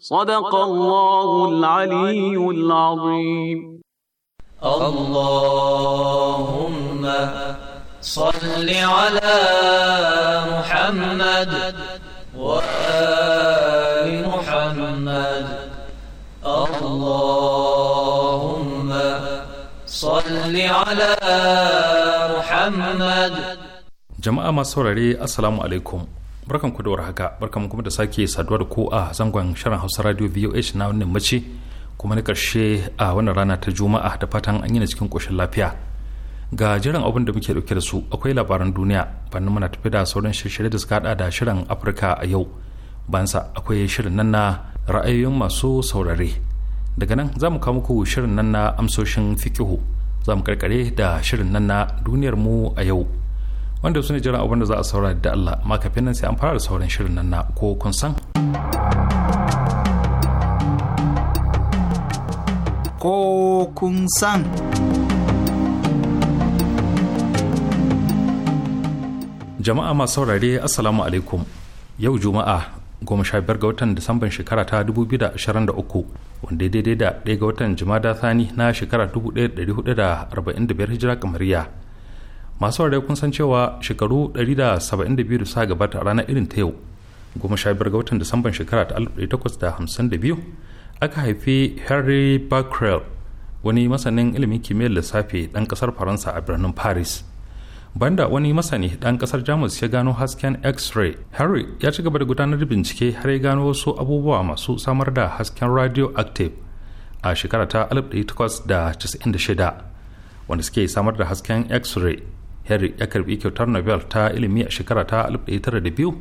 صدق الله العلي العظيم اللهم صل على محمد وآل محمد اللهم صل على محمد جماعة ما السلام عليكم barkan ku da haka barkan kuma da sake saduwa da ku a zangon shirin hausa radio voh na wannan mace kuma na karshe a wannan rana ta juma'a da fatan an yi na cikin koshin lafiya ga jiran abin da muke dauke da su akwai labaran duniya bannin muna tafi da sauran shirye da suka hada da shirin afirka a yau bansa akwai shirin nan na ra'ayoyin masu saurare daga nan za mu kawo muku shirin nan na amsoshin fikihu za mu karkare da shirin nan na duniyar mu a yau wanda su ne jiran abin da za a saura da Allah amma kafin nan sai an fara da sauran shirin nan na ko kun san ko kun san jama'a masu saurare assalamu alaikum yau juma'a goma sha biyar ga watan disamban shekara ta 2023 wanda daidai da ɗaya ga watan jimada thani na shekara 1445 hijira kamariya masu ware kun san cewa shekaru 172 da sa gabata a ranar irin ta yau goma sha biyar ga watan disamban shekara ta 1852 aka haifi harry becquerel wani masanin ilimin kimiyyar lissafi dan kasar faransa a birnin paris banda wani masani dan kasar jamus ya gano hasken x-ray harry ya ci gaba da gudanar bincike har ya gano wasu abubuwa masu samar da hasken radioactive a shekara ta 1896 wanda suke samar da hasken x-ray henry ya karbi kyautar nobel ta ilimi a shekara ta 1902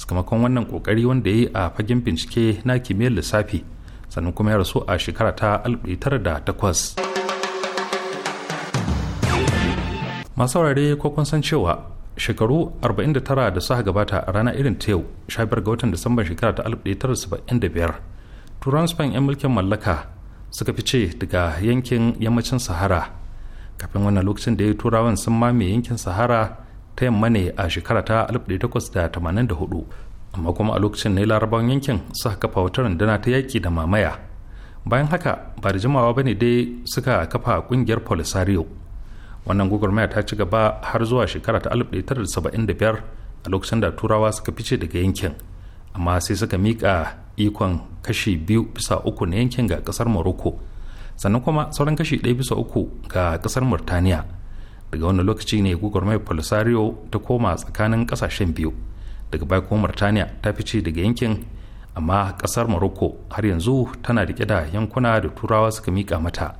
sakamakon wannan kokari wanda ya yi a fagen bincike na kimiyyar lissafi sannan kuma ya rasu a shekara ta 1908 masu wurare ko kun san cewa shekaru 49 da suka gabata a rana irin ta yau shabiyar ga watan disambar shekara ta 1975 turan spain 'yan mulkin mallaka suka fice daga yankin yammacin sahara kafin wannan lokacin da ya turawan sun mamaye yankin sahara ta yamma ne a shekara ta 1884 amma kuma a lokacin ne larabawan yankin suka kafa wata rundunar ta yaƙi da mamaya bayan haka ba da jimawa ba ne dai suka kafa ƙungiyar polisario wannan gwagwarmaya ta ci gaba har zuwa shekara ta 1975 a lokacin da turawa suka fice daga yankin amma sai suka mika ikon kashi biyu bisa uku na yankin ga ƙasar morocco sannan kuma sauran kashi ɗaya bisa uku ga ƙasar murtaniya daga wani lokaci ne mai polisario ta koma tsakanin ƙasashen biyu daga baya kuma murtaniya ta fice daga yankin amma ƙasar morocco har yanzu tana riƙe da yankuna da turawa suka miƙa mata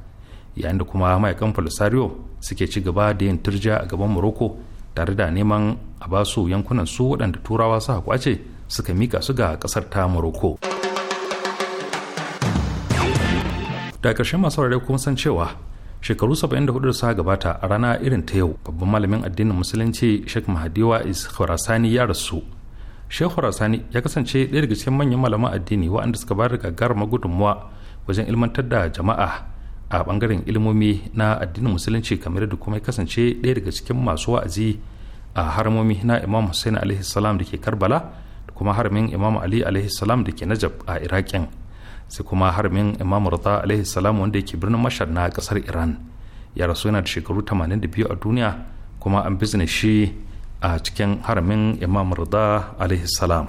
yayin da kuma mayakan polisario suke ci gaba da yin turja a gaban morocco tare da neman a basu yankunan su waɗanda turawa suka kwace suka mika su ga ƙasar ta morocco da ƙarshen masu rarrai kuma san cewa shekaru 74 suka gabata a rana irin ta yau babban malamin addinin musulunci sheikh mahadiwa is khurasani ya rasu sheikh khurasani ya kasance ɗaya daga cikin manyan malaman addini waɗanda suka ba da gagarumar gudunmuwa wajen ilmantar da jama'a a bangaren ilimomi na addinin musulunci kamar da kuma ya kasance ɗaya daga cikin masu wa'azi a haramomi na imam hussein alaihi salam da ke karbala da kuma haramin imam ali alaihi salam da ke najab a irakin sai kuma harbin imam rata alaihi salam wanda yake birnin mashar na kasar iran ya rasu yana da shekaru 82 a duniya kuma an bizne shi a cikin haramin imam rata alaihi salam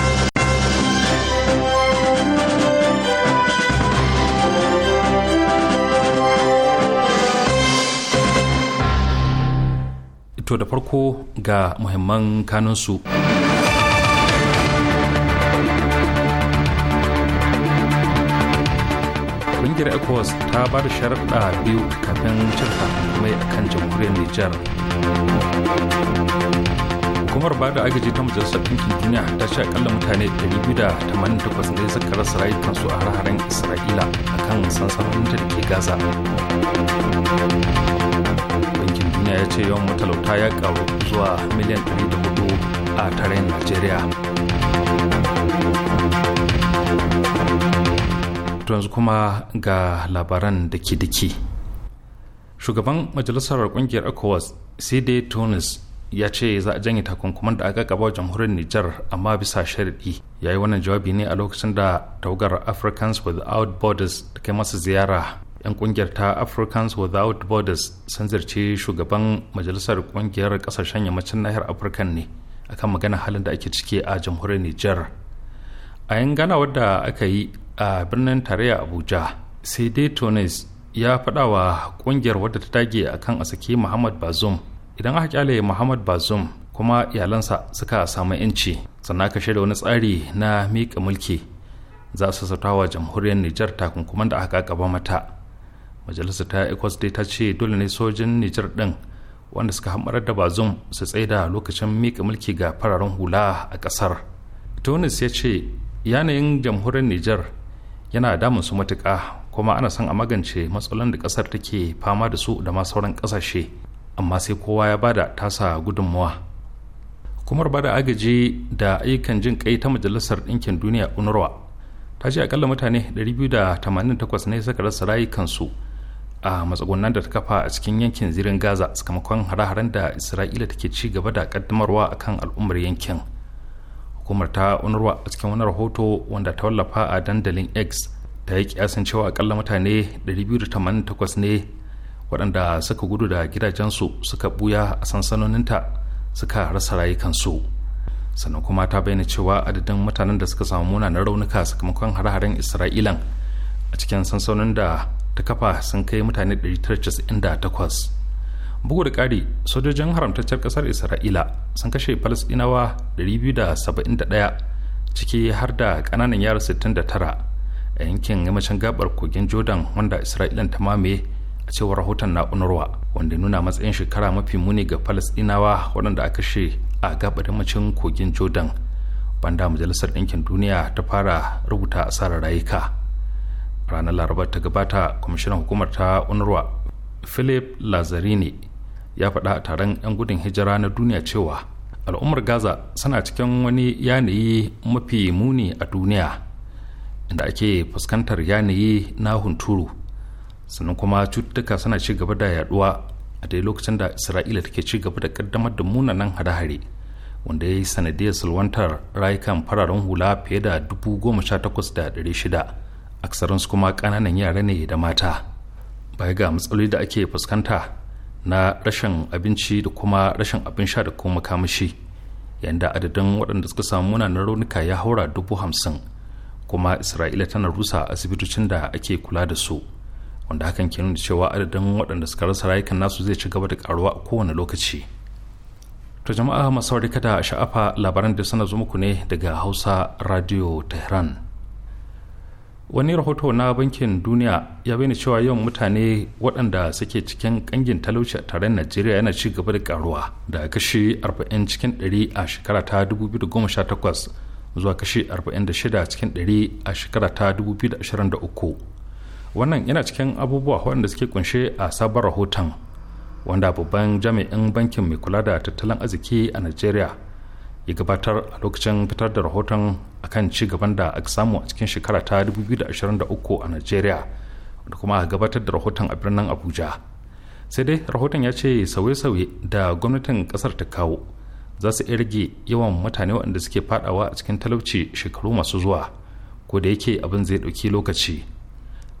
To da farko ga muhimman kanunsu. Ƙungiyar ECOWAS ta ba da sharaɗa biyu kafin cika mai a kan jamhuriyar Nijar. Hukumar ba da agaji ta Majalisar Ɗinkin Duniya ta sha kalla mutane 288 ne suka rasa rayukansu a har-haren Isra'ila a kan sansanonin da ke Gaza. duniya ya ce yawan matalauta ya karu zuwa miliyan 104 a tarayin najeriya yanzu kuma ga labaran da ke diki shugaban majalisar kungiyar ecowas cd tunis ya ce za a janye takunkuman da aka gaba jamhuriyar niger amma bisa sharaɗi ya yi wannan jawabi ne a lokacin da tawagar africans without borders da kai masa ziyara 'yan kungiyar ta africans without borders sun zirce shugaban majalisar kungiyar kasashen yammacin nahiyar afirka ne akan magana halin da ake ciki a jamhuriyar niger a yan gana wadda aka yi a birnin tarayya abuja sai dai tunis ya faɗa wa kungiyar wadda ta dage akan a saki muhammad bazoum idan aka kyale muhammad bazoum kuma iyalansa suka samu yanci sannan aka shaida wani tsari na miƙa mulki za su sautawa jamhuriyar niger takunkuman da aka gaba mata majalisar ta ecos dai ta ce dole ne sojin nijar din wanda suka hamarar da bazum su tsaida lokacin mika mulki ga fararen hula a kasar. tunis ya ce yanayin jamhuriyar nijar yana damun su matuka kuma ana son a magance matsalolin da kasar take fama da su da ma sauran kasashe amma sai kowa ya bada tasa gudunmuwa. hukumar bada agaji da ayyukan jin kai ta majalisar ɗinkin duniya unurwa ta ce akalla mutane 288 ne suka rasa rayukansu a matsugunan da ta kafa a cikin yankin zirin gaza sakamakon hare-haren da isra'ila take ci gaba da kaddamarwa a kan al'ummar yankin hukumar ta unarwa a cikin wani rahoto wanda ta wallafa a dandalin x ta yi kiyasin cewa akalla mutane 288 ne waɗanda suka gudu da gidajensu suka buya a sansanoninta suka rasa rayukansu sannan kuma ta bayyana cewa adadin mutanen da suka samu munanan raunuka sakamakon hare-haren isra'ilan a cikin sansanonin da ta kafa sun kai mutane 998 bugu da ƙari sojojin haramtaccen ƙasar isra'ila sun kashe falasɗinawa 271 ciki har da ƙananan yara 69 a yankin yammacin gabar kogin jordan wanda isra'ilan ta mamaye a cewar rahoton na'unarwa wanda nuna matsayin shekara mafi muni ga falasɗinawa waɗanda aka kashe a gabar yammacin kogin jordan banda majalisar ɗinkin duniya ta fara rubuta asarar rayuka ranar laraba ta gabata kwamishinan hukumar ta unrwa philip lazarini ya faɗa a taron 'yan gudun hijira na duniya cewa al'ummar gaza suna cikin wani yanayi mafi muni a duniya inda ake fuskantar yanayi na hunturu sannan kuma cututtuka suna ci gaba da yaduwa a dai lokacin da isra'ila take ci gaba da kaddamar da munanan hare-hare wanda ya yi sanadiyar salwantar rayukan fararen hula fiye da 18,600 aksaransu kuma ƙananan yara ne da mata baya ga matsaloli da ake fuskanta na rashin abinci da kuma rashin abin sha da kuma makamashi yanda adadin waɗanda suka samu munanan raunuka ya haura dubu hamsin kuma isra'ila tana rusa asibitocin da ake kula da su wanda hakan ke nuna cewa adadin waɗanda suka rasa rayukan nasu zai ci gaba da karuwa a kowane lokaci to jama'a masu kada sha'afa labaran da sana zo muku ne daga hausa radio tehran wani rahoto na bankin duniya ya bayyana cewa yawan mutane waɗanda suke cikin ƙangin talauci a taron najeriya yana ci gaba da karuwa da kashi 40 cikin 100 a shekara ta 2018 zuwa kashi 46 cikin 100 a shekara ta 2023 wannan yana cikin abubuwa waɗanda suke kunshe a sabon rahoton wanda babban jami'in bankin mai kula da tattalin arziki a najeriya ya gabatar a lokacin fitar da rahoton akan ci gaban da aka samu a cikin shekara ta 2023 a Najeriya da kuma a gabatar da rahoton a birnin Abuja. Sai dai rahoton ya ce sauye-sauye da gwamnatin kasar ta kawo za su iya yawan mutane waɗanda suke fadawa a cikin talauci shekaru masu zuwa ko da yake abin zai ɗauki lokaci.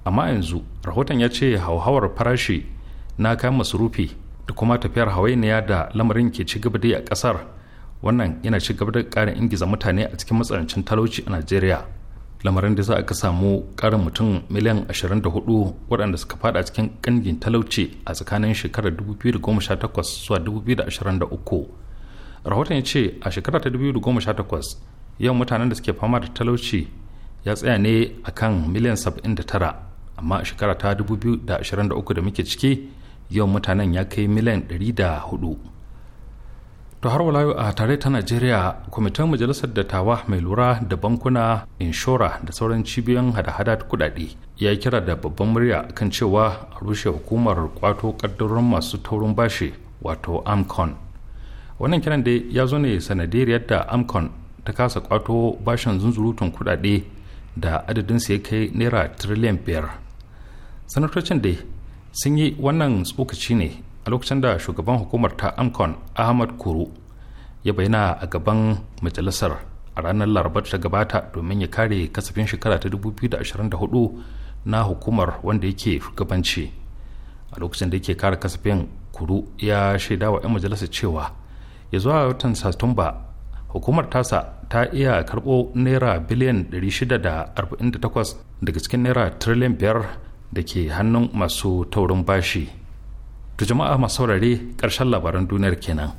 Amma yanzu rahoton ya ce hauhawar farashi na kayan masurufi da kuma tafiyar hawainiya da lamarin ke ci gaba da a ƙasar wannan yana ci gaba da ƙara ingiza mutane a cikin matsanancin talauci a najeriya lamarin da za a ka samu ƙarin mutum miliyan 24 waɗanda suka fada a cikin ƙangin talauci a tsakanin shekarar 2018 zuwa 2023 rahoton ya ce a shekarar ta 2018 yawan mutanen da suke fama da talauci ya tsaya ne a kan miliyan 79 amma a shekara ta 2023 da muke ciki yawan mutanen ya kai miliyan 104 to har wala a tare ta najeriya kwamitin majalisar dattawa mai lura da bankuna inshora da sauran cibiyoyin hada-hada kudade ya kira da babban murya kan cewa a rushe hukumar kwato kaddarorin masu taurin bashi wato amcon wannan kiran da ya zo ne sanadiyar yadda amcon ta kasa kwato bashin zunzurutun kudade da su ya kai naira tiriliyan biyar sanatocin da sun yi wannan tsokaci ne a lokacin da shugaban hukumar ta amcon ahmad kuru ya bayyana a gaban majalisar a ranar larabar ta gabata domin ya kare kasafin shekara ta 2024 na hukumar wanda yake shugabanci a lokacin da yake kare kasafin kuru ya shaida wa 'yan majalisar cewa ya zuwa watan satumba hukumar tasa ta iya karɓo naira biliyan 648 daga cikin naira trillion 5 da ke hannun masu taurin bashi To jama'a masu saurare ƙarshen labaran duniyar kenan.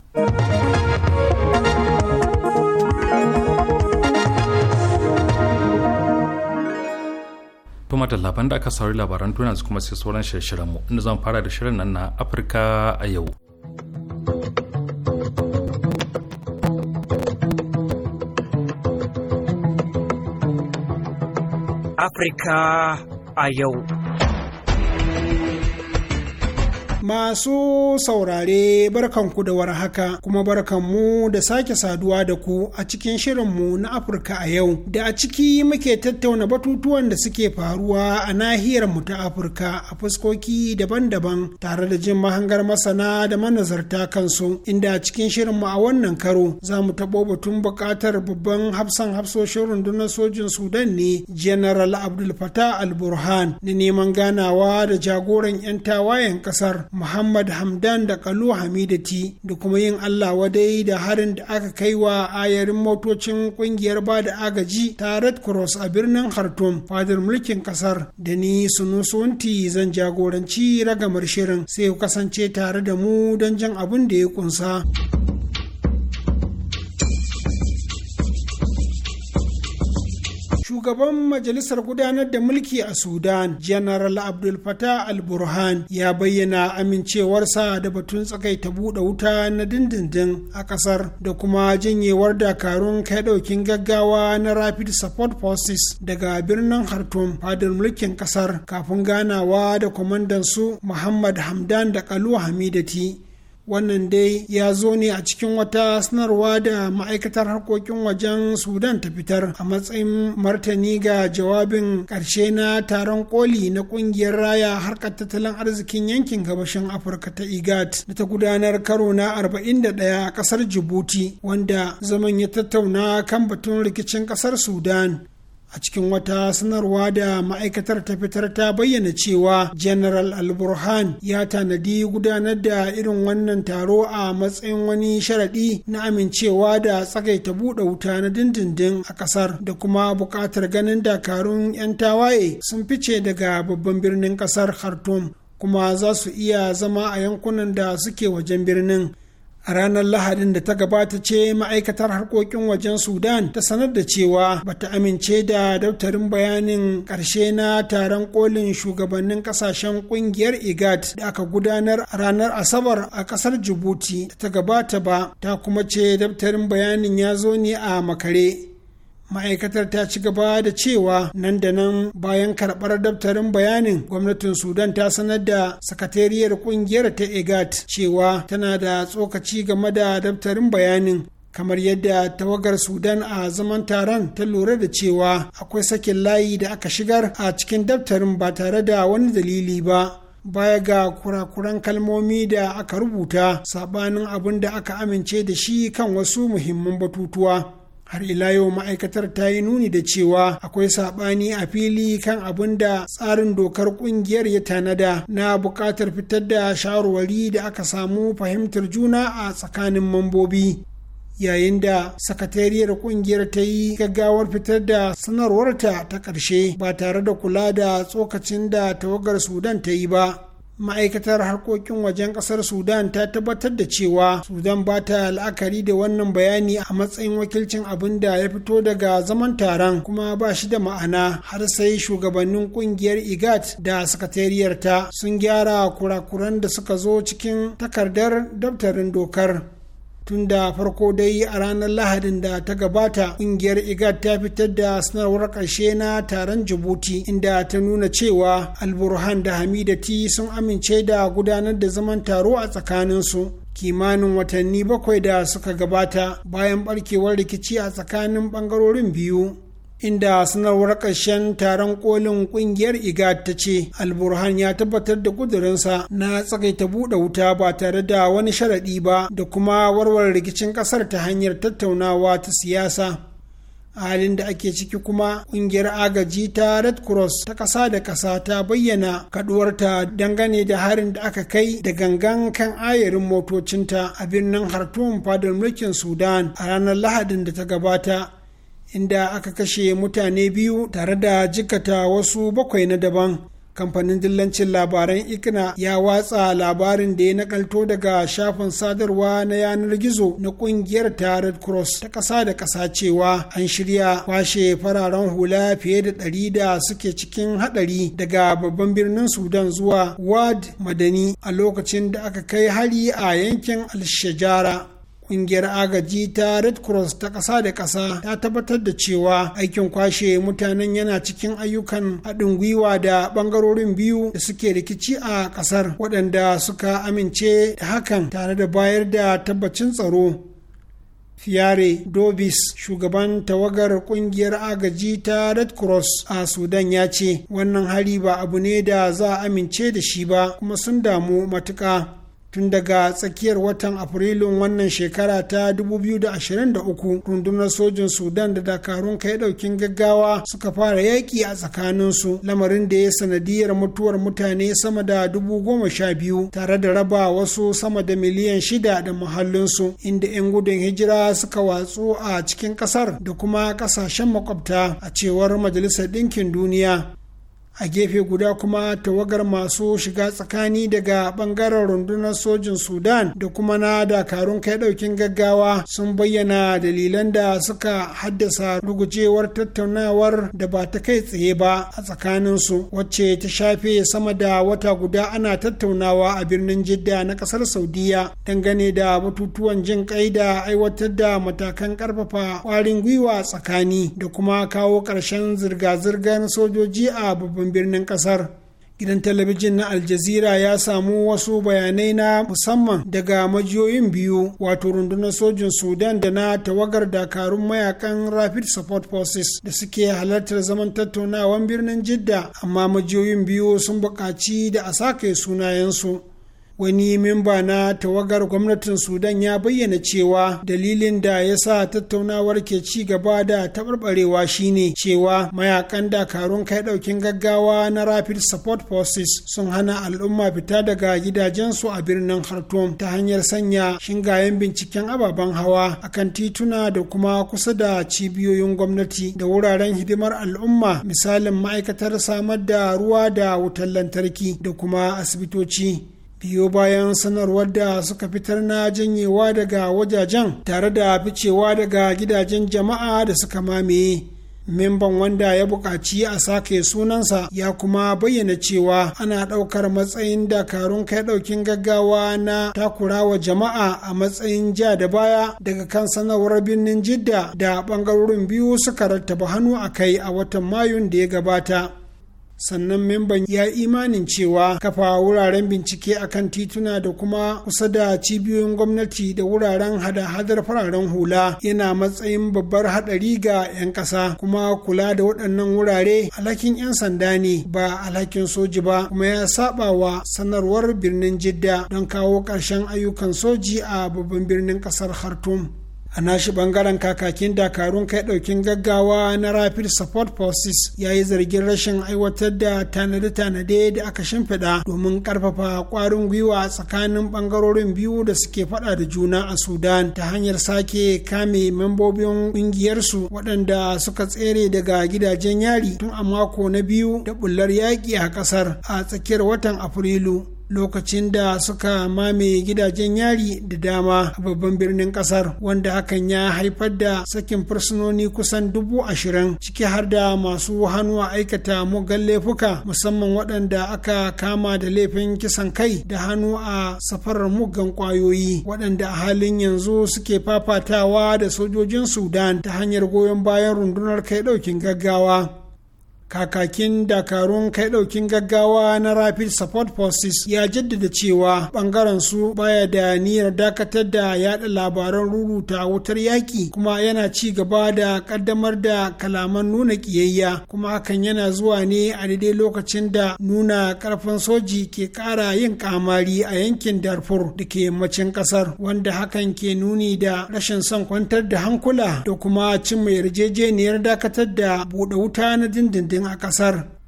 Tuma da labaran da aka saurari labaran duniya kuma sai sauran shirye-shiryenmu inda zan fara da shirin nan na Afirka a yau. Afirka a yau. Masu saurare barkanku da haka kuma barkanmu da sake saduwa da ku a cikin shirinmu na Afirka a yau da a ciki muke tattauna batutuwan da suke faruwa a nahiyar mu ta Afirka a fuskoki daban-daban tare da jin mahangar masana da manazarta kansu inda a cikin shirinmu a wannan karo za mu taɓo batun buƙatar babban hafsan hafsoshin rundunar sojin Sudan ne General Abdul Fattah al-Burhan na neman ganawa da jagoran 'yan tawayen ƙasar Muhammad Hamdan da Kalu Hamidati da kuma yin Allah wadai da harin da aka kai wa ayarin motocin kungiyar ba da agaji ta Red Cross a birnin Khartoum fadar mulkin kasar da ni Sunusunti zan jagoranci ragamar shirin sai kasance tare da mu don jan abin da ya kunsa. shugaban majalisar gudanar da mulki a sudan general abdul fatah al-burhan ya bayyana amincewarsa da batun tsakaita buɗe wuta na dindindin a ƙasar da kuma janyewar dakarun kai ɗaukin gaggawa na rapid support forces daga birnin khartoum fadar mulkin ƙasar kafin ganawa da kwamandan su muhammad hamdan da kalu hamidati wannan dai ya zo ne a cikin wata sanarwa da ma'aikatar harkokin wajen sudan ta fitar a matsayin martani ga jawabin ƙarshe na taron koli na ƙungiyar raya harkar tattalin arzikin yankin gabashin afirka ta igat da ta gudanar karo na 41 a ƙasar jibuti wanda zaman ya tattauna kan batun rikicin ƙasar sudan a cikin wata sanarwa da ma'aikatar ta fitar ta bayyana cewa general al-burhan ya tanadi gudanar da irin wannan taro a matsayin wani sharaɗi na amincewa da tsagaita buɗe wuta na dindindin a ƙasar da kuma buƙatar ganin dakarun 'yan tawaye sun fice daga babban birnin ƙasar khartoum kuma za su iya zama a yankunan da suke wajen birnin A ranar Lahadin da ta gabata ce ma'aikatar harkokin wajen Sudan ta sanar da cewa bata amince da daftarin bayanin ƙarshe na taron kolin shugabannin kasashen ƙungiyar IGAD da aka gudanar a ranar Asabar a ƙasar Djibouti da ta gabata ba, ta kuma ce daftarin bayanin ya zo ne a makare. ma'aikatar ta ci gaba da cewa nan da nan bayan karɓar daftarin bayanin gwamnatin sudan ta sanar da sakatariyar ƙungiyar ta egat cewa tana da tsokaci game da daftarin bayanin kamar yadda tawagar sudan a zaman taron ta lura da cewa akwai sakin layi da aka shigar a cikin daftarin ba tare da wani dalili ba baya ga kurakuran kalmomi da aka rubuta sabanin abin da aka amince da shi kan wasu muhimman batutuwa har ila yau ma'aikatar ta yi nuni da cewa akwai saɓani a fili kan abin da tsarin dokar ƙungiyar ya tanada na buƙatar fitar da shawarwari da aka samu fahimtar juna a tsakanin mambobi yayin da sakatariyar kungiyar ta yi gaggawar fitar da sanarwarta ta ƙarshe ba tare da kula da tsokacin da tawagar sudan ta yi ba ma'aikatar harkokin wajen kasar sudan ta tabbatar da cewa sudan ba ta la'akari da wannan bayani a matsayin wakilcin abin da ya fito daga zaman taron kuma ba shi da ma'ana har sai shugabannin kungiyar igat da sakatariyarta sun gyara kurakuran da suka zo cikin takardar daftarin dokar tun da farko dai a ranar lahadin da ta gabata ƙungiyar igad ta fitar da sanarwar ƙarshe na taron jibuti inda ta nuna cewa alburhan da hamidati sun amince da gudanar da zaman taro a tsakaninsu kimanin watanni bakwai da suka gabata bayan barkewar rikici a tsakanin bangarorin biyu inda sanarwar ƙarshen taron kolin ƙungiyar iga ta ce alburhan ya tabbatar da ƙudurinsa na tsakaita buɗe wuta ba tare da wani sharaɗi ba da kuma warware rikicin ƙasar ta hanyar tattaunawa ta siyasa a halin da ake ciki kuma ƙungiyar agaji ta red cross ta ƙasa da ƙasa ta bayyana kaduwarta dangane da harin da aka kai da gangan kan ayarin motocinta a birnin hartun fadar mulkin sudan a ranar lahadin da ta gabata inda aka kashe mutane biyu tare da jikata wasu bakwai na daban kamfanin dillancin labaran ikna ya watsa labarin da ya nakalto daga shafin sadarwa na yanar gizo na kungiyar ta red cross ta ƙasa da ƙasa cewa an shirya kwashe fararen hula fiye da ɗari da suke cikin haɗari daga babban birnin sudan zuwa wad madani a lokacin da aka kai hari a yankin alshajara kungiyar agaji ta red cross ta kasa da kasa ta tabbatar da cewa aikin kwashe mutanen yana cikin ayyukan haɗin gwiwa da ɓangarorin biyu da suke rikici a ƙasar waɗanda suka amince da hakan tare da bayar da tabbacin tsaro fiyare Dobis, shugaban tawagar kungiyar agaji ta Red Cross a Sudan ya ce, Wannan hari ba abu ne da za a amince da shi ba, kuma sun damu matuƙa. tun daga tsakiyar watan afrilun wannan shekara ta 2023 rundunar sojin sudan da dakarun kai daukin gaggawa suka fara yaƙi a tsakaninsu lamarin da ya sanadiyar mutuwar mutane sama da dubu biyu tare da raba wasu sama da miliyan shida da muhallinsu inda 'yan gudun hijira suka watsu a cikin ƙasar da kuma ƙasashen makwabta a cewar majalisar ɗinkin duniya a gefe guda kuma tawagar masu shiga tsakani daga bangaren rundunar sojin sudan da kuma na dakarun kai daukin gaggawa sun bayyana dalilan da suka haddasa rugujewar tattaunawar da ba ta kai tsaye ba a tsakaninsu wacce ta shafe sama da wata guda ana tattaunawa a birnin jidda na kasar saudiya dangane da batutuwan jin kai da aiwatar da matakan karfafa kwarin gwiwa tsakani da kuma kawo ƙarshen zirga-zirgar sojoji a babban babban birnin kasar gidan talabijin na aljazira ya samu wasu bayanai na musamman daga majiyoyin biyu wato rundunar sojin sudan da na tawagar dakarun mayakan rapid support forces da suke halartar zaman tattaunawan birnin jidda amma majiyoyin biyu sun buƙaci da a sake sunayensu wani memba na tawagar gwamnatin sudan ya bayyana cewa dalilin da ya sa tattaunawar ke ci gaba da taɓarɓarewa shine cewa mayakan dakarun kai ɗaukin gaggawa na rapid support forces sun hana al'umma fita daga gidajensu a birnin khartoum ta hanyar sanya shingayen binciken ababen hawa akan tituna da kuma kusa da cibiyoyin gwamnati da wuraren hidimar al'umma misalin ma'aikatar samar da ruwa da wutar lantarki da kuma asibitoci biyo bayan sanarwar da suka fitar na janyewa daga wajajen tare da ficewa daga gidajen jama'a da suka mamaye memban wanda ya buƙaci a sake sunansa ya kuma bayyana cewa ana ɗaukar matsayin dakarun kai ɗaukin gaggawa na takurawa jama'a a matsayin ja da baya daga kan sanarwar birnin jidda da ɓangarorin biyu suka rattaba hannu a kai a watan mayun da ya gabata sannan memban ya imanin cewa kafa wuraren bincike a kan tituna da kuma kusa da cibiyoyin gwamnati da wuraren hada-hadar fararen hula yana matsayin babbar haɗari ga 'yan ƙasa kuma kula da waɗannan wurare alhakin 'yan sanda ne ba alhakin soji ba kuma ya saba wa sanarwar birnin jidda don kawo ƙarshen ayyukan soji a babban birnin ƙasar khartoum a nashi bangaren kakakin dakarun kai daukin gaggawa na rapid support forces ya yi zargin rashin aiwatar da tanade-tanade da aka shimfiɗa domin karfafa kwarin gwiwa tsakanin bangarorin biyu da suke faɗa da juna a sudan ta hanyar sake kame membobin ƙungiyarsu waɗanda suka tsere daga gidajen yari tun a mako na biyu da bullar yaƙi a ƙasar a tsakiyar watan afrilu lokacin da suka mamaye gidajen yari da dama a babban birnin kasar wanda hakan ya haifar da sakin fursunoni kusan dubu ashirin ciki har da masu hannu a aikata mugan laifuka musamman waɗanda aka kama da laifin kisan kai da hannu a safarar muggan ƙwayoyi waɗanda a halin yanzu suke fafatawa da sojojin sudan ta hanyar goyon bayan rundunar kai ɗaukin gaggawa kakakin dakarun kai daukin gaggawa na rapid support forces ya jaddada cewa bangaren su baya da niyyar dakatar da yada labaran rubuta wutar yaki kuma yana ci gaba da kaddamar da kalaman nuna kiyayya kuma hakan yana zuwa ne a daidai lokacin da nuna karfin soji ke kara yin kamari a yankin darfur da ke macin kasar wanda hakan ke nuni da rashin son kwantar da hankula da kuma cin mai yarjejeniyar dakatar da buɗe wuta na dindindin a cazar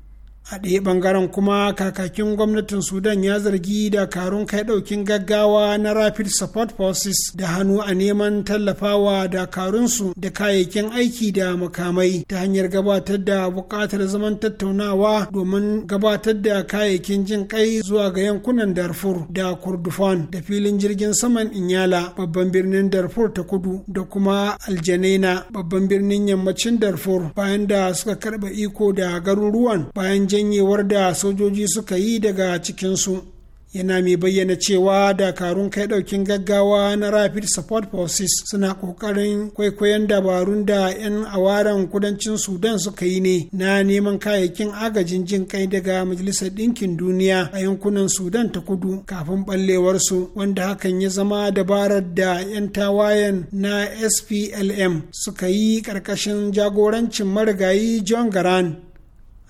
a ɗaya ɓangaren kuma kakakin gwamnatin sudan ya zargi da karun kai ɗaukin gaggawa na rapid support forces da hannu a neman tallafawa da karunsu da kayayyakin aiki da makamai ta hanyar gabatar da buƙatar zaman tattaunawa domin gabatar da kayayyakin jin kai zuwa ga yankunan darfur da kurdufan da filin jirgin saman inyala babban birnin darfur ta kudu da kuma aljanaina babban birnin yammacin darfur bayan da suka karɓa iko da garuruwan bayan janyewar da sojoji suka yi daga cikinsu yana mai bayyana cewa dakarun kai daukin gaggawa na rapid support forces suna kokarin kwaikwayon dabarun da 'yan awaren kudancin sudan suka yi ne na neman kayayyakin agajin jin kai daga majalisar ɗinkin duniya a yankunan sudan ta kudu kafin ɓallewarsu wanda hakan ya zama dabarar da 'yan tawayen na splm suka yi ƙarƙashin jagorancin marigayi john garan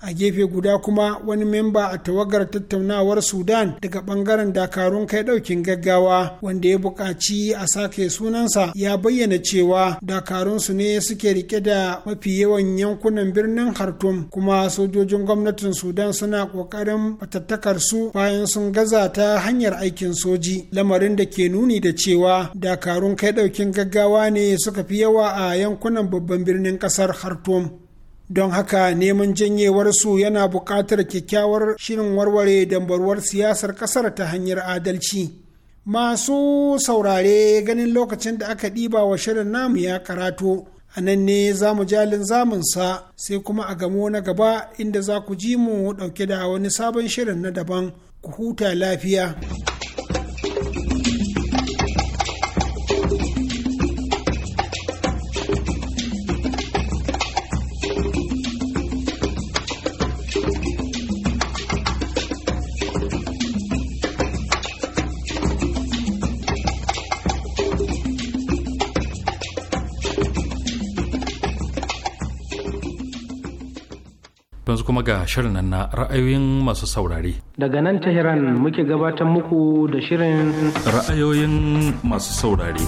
a gefe guda kuma wani memba a tawagar tattaunawar sudan daga bangaren dakarun kai daukin gaggawa wanda ya buƙaci a sake sunansa ya bayyana cewa dakarunsu ne suke rike da mafi yawan yankunan birnin khartoum kuma sojojin gwamnatin sudan suna ƙoƙarin fatattakar su bayan sun gaza ta hanyar aikin soji lamarin da ke nuni da cewa dakarun kai daukin gaggawa ne suka fi yawa a yankunan babban birnin ƙasar khartoum don haka neman janyewar su yana buƙatar kyakkyawar shirin warware dambarwar siyasar ƙasar ta hanyar adalci masu saurare ganin lokacin da aka ɗiba wa shirin namu ya karatu a nan ne za mu jalin zamunsa sai kuma a gamo na gaba inda za ku ji mu ɗauke da wani sabon shirin na daban ku huta lafiya. yanzu kuma ga shirin nan na ra'ayoyin masu saurare. Daga nan Tehran muke gabatar muku da shirin ra'ayoyin masu saurare.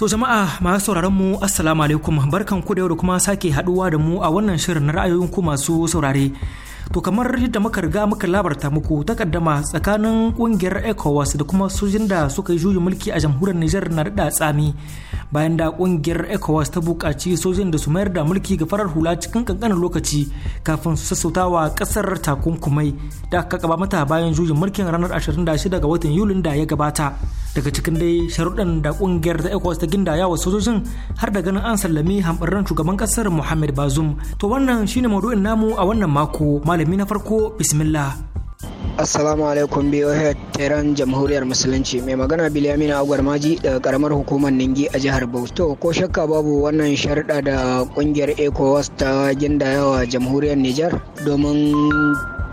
To jama'a masu sauraron mu assalamu alaikum barkan ku da yau da kuma sake haduwa da mu a wannan shirin na ra'ayoyin ku masu saurare. To kamar yadda muka riga muka labarta muku takaddama tsakanin kungiyar ECOWAS da kuma sojin da suka yi juyin mulki a jamhuriyar niger na da tsami bayan da kungiyar ECOWAS ta bukaci sojin da su mayar da mulki ga farar hula cikin kankanin lokaci kafin su wa kasar takunkumai da aka kaba mata bayan juyin mulkin ranar 26 ga watan Yulin da ya gabata. daga cikin dai sharuɗan da ƙungiyar ta ecowas ta ginda yawa sojojin har da ganin an sallami hamɓarren shugaban ƙasar muhammad bazum to wannan shine maudu'in namu a wannan mako malami na farko bismillah Assalamu alaikum BOH Tehran Jamhuriyar Musulunci mai magana Bilyamina Agwar Maji daga karamar hukumar Ningi a jihar bauta ko shakka babu wannan sharuɗa da kungiyar ECOWAS ta gindayawa Jamhuriyar Nijar domin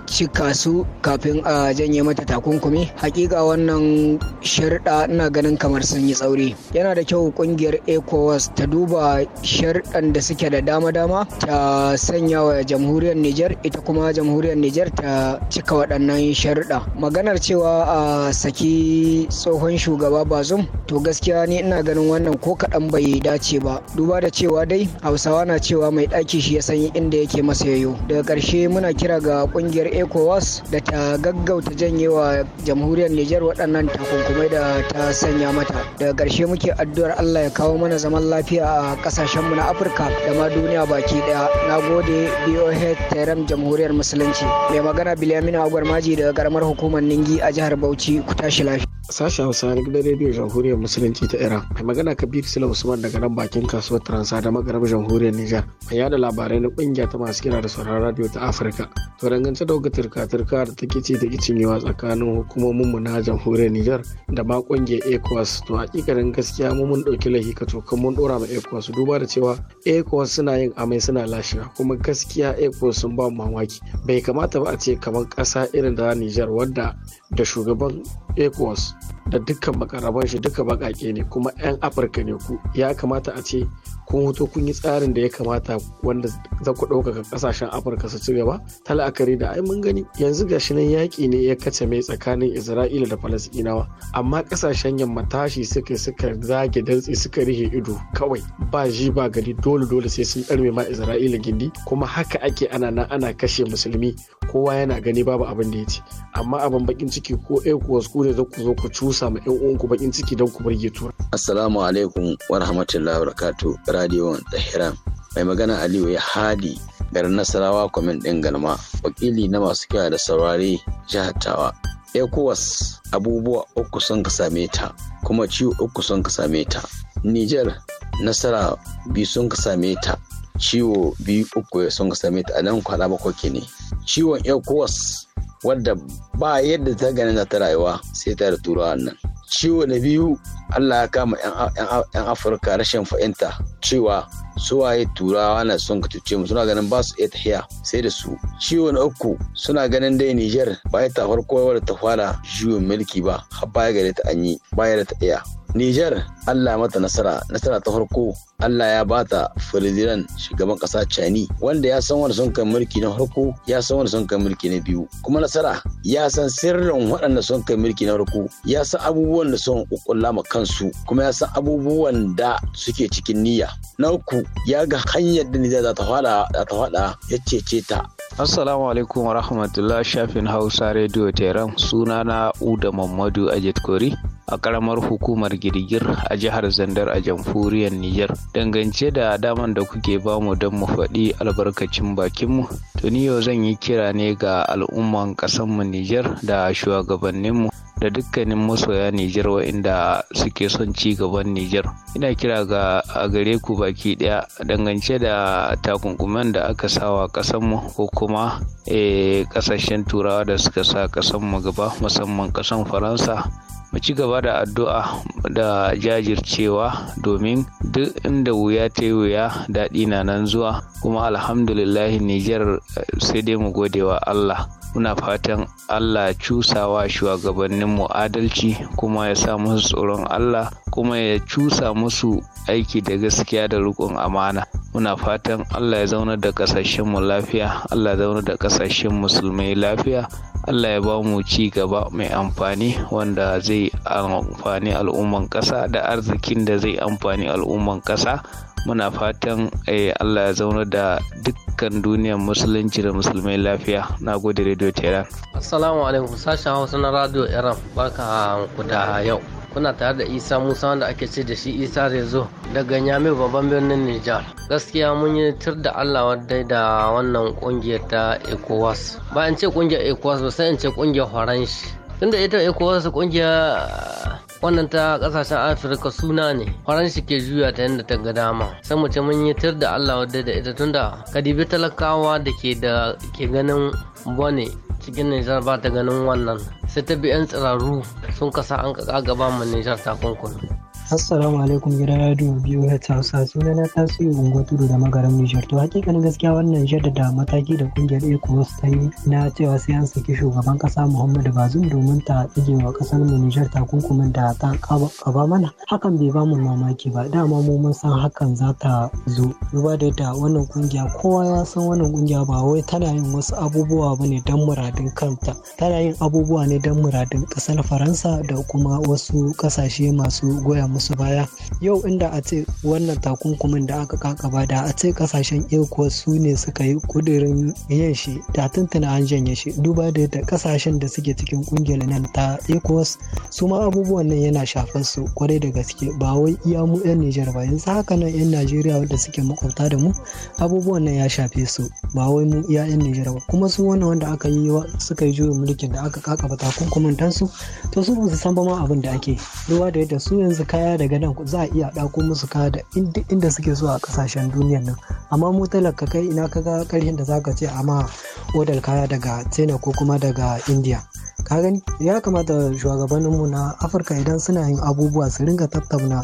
cika su kafin a janye mata takunkumi hakika wannan sharɗa ina ganin kamar sun yi tsauri yana da kyau kungiyar ecowas ta duba sharɗan da suke da dama-dama ta sanya wa jamhuriyar niger ita kuma jamhuriyar niger ta cika waɗannan sharɗa maganar cewa a saki tsohon shugaba bazum to gaskiya ni ina ganin wannan ko kaɗan bai dace ba duba da cewa dai hausawa na cewa mai ɗaki shi ya san inda yake masa yayo daga ƙarshe muna kira ga kungiyar ecowas da ta gaggauta janyewa jamhuriyar nijar waɗannan takunkumai da ta sanya mata daga ƙarshe muke addu'ar allah ya kawo mana zaman lafiya a ƙasashenmu na afirka da ma duniya baki ɗaya na gode boh tairam jamhuriyar musulunci mai magana bilamina agwarmaji daga ƙaramar hukumar ningi a jihar bauchi ku tashi lafiya Sashen Hausa na gidan rediyo Jamhuriyar Musulunci ta Iran. Mai magana Kabir sila Usman daga nan bakin kasuwar Transa da Magarab Jamhuriyar Nijar. Mai yada labarai na kungiya ta masu kira da sauraron radio ta Afirka. To dangance da wuga turka-turka da take ci da cinyewa tsakanin hukumomin mu na Jamhuriyar Nijar da ma kungiyar ECOWAS. To hakikanin gaskiya mu mun dauki lahi ka cokan mun dora ma ECOWAS duba da cewa ECOWAS suna yin amai suna lashewa kuma gaskiya ECOWAS sun ba mamaki. Bai kamata ba a ce kamar kasa irin da Nijar wadda da shugaban ecowas da dukkan makaraban shi duka bakake ne kuma 'yan afirka ne ku ya kamata a ce kun hoto kun yi tsarin da ya kamata wanda za ku ɗaukaka ƙasashen afirka su ci gaba ta la'akari da ai mun gani yanzu gashi nan yaƙi ne ya kace mai tsakanin isra'ila da falasɗinawa amma ƙasashen yamma tashi suka suka zage dantse suka rihe ido kawai ba ji ba gari dole dole sai sun ɗarme ma isra'ila gindi kuma haka ake ana nan ana kashe musulmi kowa yana gani babu abin da ya ce amma abin bakin ciki ko ɗaya eh ku ne za ku zo ku cusa cusa ma 'yan uwanku bakin ciki don ku burge tura. Assalamu alaikum wa rahmatullahi wa barakatu Radio Tahiran. Mai magana Aliyu ya hadi garin Nasarawa kwamin din Galma, wakili na masu kyau da saurare jihar Tawa. ECOWAS abubuwa uku sun ka same ta, kuma ciwo uku sun ka same ta. Nijar nasara biyu sun ka same ta, ciwo biyu uku sun same ta a nan kwana bakwai ne ciwon ecowas wadda ba yadda ta gani na ta rayuwa sai ta da turawa nan ciwo na biyu allah ya kama yan afirka rashin fahimta cewa suwaye turawa na son ka mu suna ganin ba su iya tahiya sai da su ciwo na uku suna ganin dai niger ba ya ta farko wadda ta fara juyin mulki ba har baya gare ta an yi baya da ta iya Nijar Allah ya mata nasara, nasara ta farko Allah ya bata Firidiran shugaban kasa Cani wanda ya san wanda sun kai mulki na farko ya san wanda sun kai mulki na biyu kuma nasara ya san sirrin waɗanda sun kai mulki na farko ya san abubuwan da sun kukulla ma kansu kuma ya san abubuwan da suke cikin niyya na uku ya ga hanyar da Nijar za ta fada ya cece ta Assalamu alaikum wa rahmatullah shafin Hausa Radio Tehran suna na Uda Mamadu Ajit Kori a karamar hukumar girgir a jihar Zandar a jamhuriyar Nijar. Dangance da daman da kuke bamu don mu faɗi albarkacin bakinmu, tuni yau zan yi kira ne ga al'umman ƙasanmu Nijar da shugabanninmu da dukkanin masoya Nijar waɗanda suke son ci gaban Nijar. Ina kira ga a gare ku baki ɗaya dangance da takunkuman da aka sawa ƙasanmu ko kuma eh, ƙasashen turawa da suka sa ƙasanmu gaba musamman ƙasan Faransa. mu ci gaba da addu'a da jajircewa domin duk inda wuya ta yi wuya daɗi na nan zuwa kuma alhamdulillahi nijar eh, sai dai mu gode wa allah muna fatan allah cusa wa shugabanninmu adalci kuma ya sa musu tsoron allah kuma ya cusa musu aiki da gaskiya da rikon amana muna fatan allah ya zauna da kasashenmu lafiya allah ya zauna da kasashen musulmai lafiya Allah ya ba mu ci gaba mai amfani wanda zai amfani al'umman ƙasa da arzikin da zai amfani al'umman ƙasa muna fatan eh, allah ya zauna da dukkan duniyar musulunci da musulmai lafiya na gode radio tehran assalamu alaikum sashen hausa na radio iran baka ku da yau kuna tare da isa musa wanda ake ce da shi isa rezo daga nyame babban birnin nijar gaskiya mun yi tur da allah wadai da wannan kungiyar ta ecowas ba in ce kungiyar ecowas ba sai in ce kungiyar horon tunda ita wasu kungiya wannan ta kasashen afirka suna ne faransa ke juya ta yadda ta ga dama sai mu ce mun yi tir da allah wadda da ita tunda kadibi talakawa da ke da ke ganin bane cikin nijar ba ta ganin wannan sai ta bi yan tsiraru sun kasa an kaka gaba mu nijar takunkuna Assalamu alaikum gidan radio biyu ya Hausa suna na tasiri unguwa tudu da magaran Nijar. To hakikanin gaskiya wannan jaddada mataki da kungiyar ECOWAS ta yi na cewa sai an saki shugaban kasa Muhammadu Bazum domin ta tsige wa kasar mu Nijar takunkumin da ta kaba mana. Hakan bai bamu mamaki ba dama mu mun san hakan za ta zo. Duba da yadda wannan kungiya kowa ya san wannan kungiya ba wai tana yin wasu abubuwa ba ne don muradin kanta. Tana yin abubuwa ne don muradin kasar Faransa da kuma wasu kasashe masu goyon musu baya yau inda a ce wannan takunkumin da aka kakaba da a ce kasashen ekuwa su ne suka yi kudirin yin shi da tuntuna an janye shi duba da yadda kasashen da suke cikin kungiyar nan ta ecowas su ma abubuwan nan yana shafar su kwarai da gaske ba wai iya mu yan nijar ba yanzu haka nan yan najeriya wanda suke makwabta da mu abubuwan nan ya shafe su ba wai mu iya yan nijar ba kuma su wannan wanda aka yi suka yi juyin mulkin da aka kakaba takunkumin su to su ba su san ba ma abin da ake duba da yadda su yanzu kaya kaya daga nan za a iya ɗako musu kaya da inda suke so a ƙasashen duniyar nan amma mu talaka kai ina ka ga ƙarshen da zaka ce amma odal kaya daga china ko kuma daga india ka gani ya kamata shugabanninmu na afirka idan suna yin abubuwa su ringa tattauna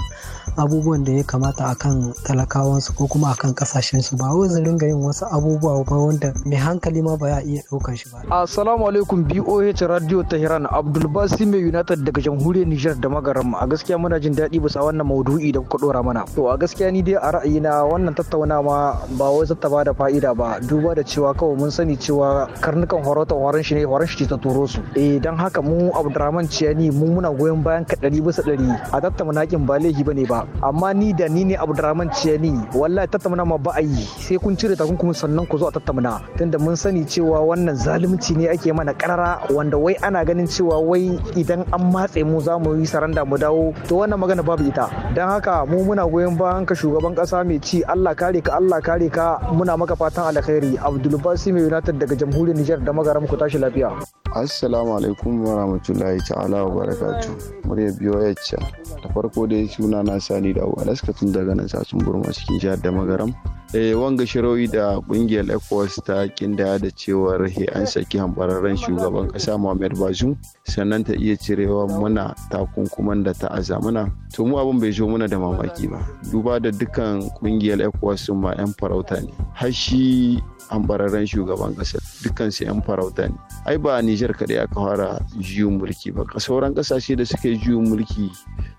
abubuwan da ya kamata akan talakawansu ko kuma akan kasashensu ba wai su ringa yin wasu abubuwa ba wanda mai hankali ma ba ya iya ɗaukar shi ba. Assalamu alaikum BOH Radio Tehran Abdulbasi mai United daga jamhuriyar Nijar da Magaram a gaskiya muna jin daɗi bisa wannan maudu'i da kuka ɗora mana. To a gaskiya ni dai a ra'ayi na wannan tattaunawa ba wai zata ba da fa'ida ba duba da cewa kawai mun sani cewa karnukan horotan horon shi ne horon shi ta turo su. Eh dan haka mu Abdulrahman Ciyani mu muna goyon bayan kaɗari ɗari bisa ɗari a tattauna nakin ba laifi ne ba amma ni da ni ne abdurrahman ciyani wallahi tattauna ma ba a yi sai kun cire takunkumin sannan ku zo a tattauna tunda mun sani cewa wannan zalunci ne ake mana karara wanda wai ana ganin cewa wai idan an matse mu za mu yi saranda mu dawo to wannan magana babu ita don haka mu muna goyon bayan ka shugaban kasa mai ci Allah kare ka Allah kare ka muna maka fatan alkhairi Abdul mai United daga jamhuriyar niger da magaram ku tashi lafiya Assalamu alaikum wa rahmatullahi ta'ala wa barakatuh murya biyo yacca da farko dai suna na sani da abu alaska tun daga nan sasun burma cikin jihar da magaram Eh, wanga shiroyi da kungiyar ecowas ta kinda da cewar he an saki hambararren shugaban kasa muhammad bazum sannan ta iya cirewa muna takunkuman da ta aza muna to mu abin bai zo muna da mamaki ba duba da dukkan kungiyar ecowas sun ma yan farauta ne har shi hambararren shugaban kasa dukkan su yan farauta ne ai ba nijar kaɗai aka fara juyin mulki ba sauran kasashe da suka yi juyin mulki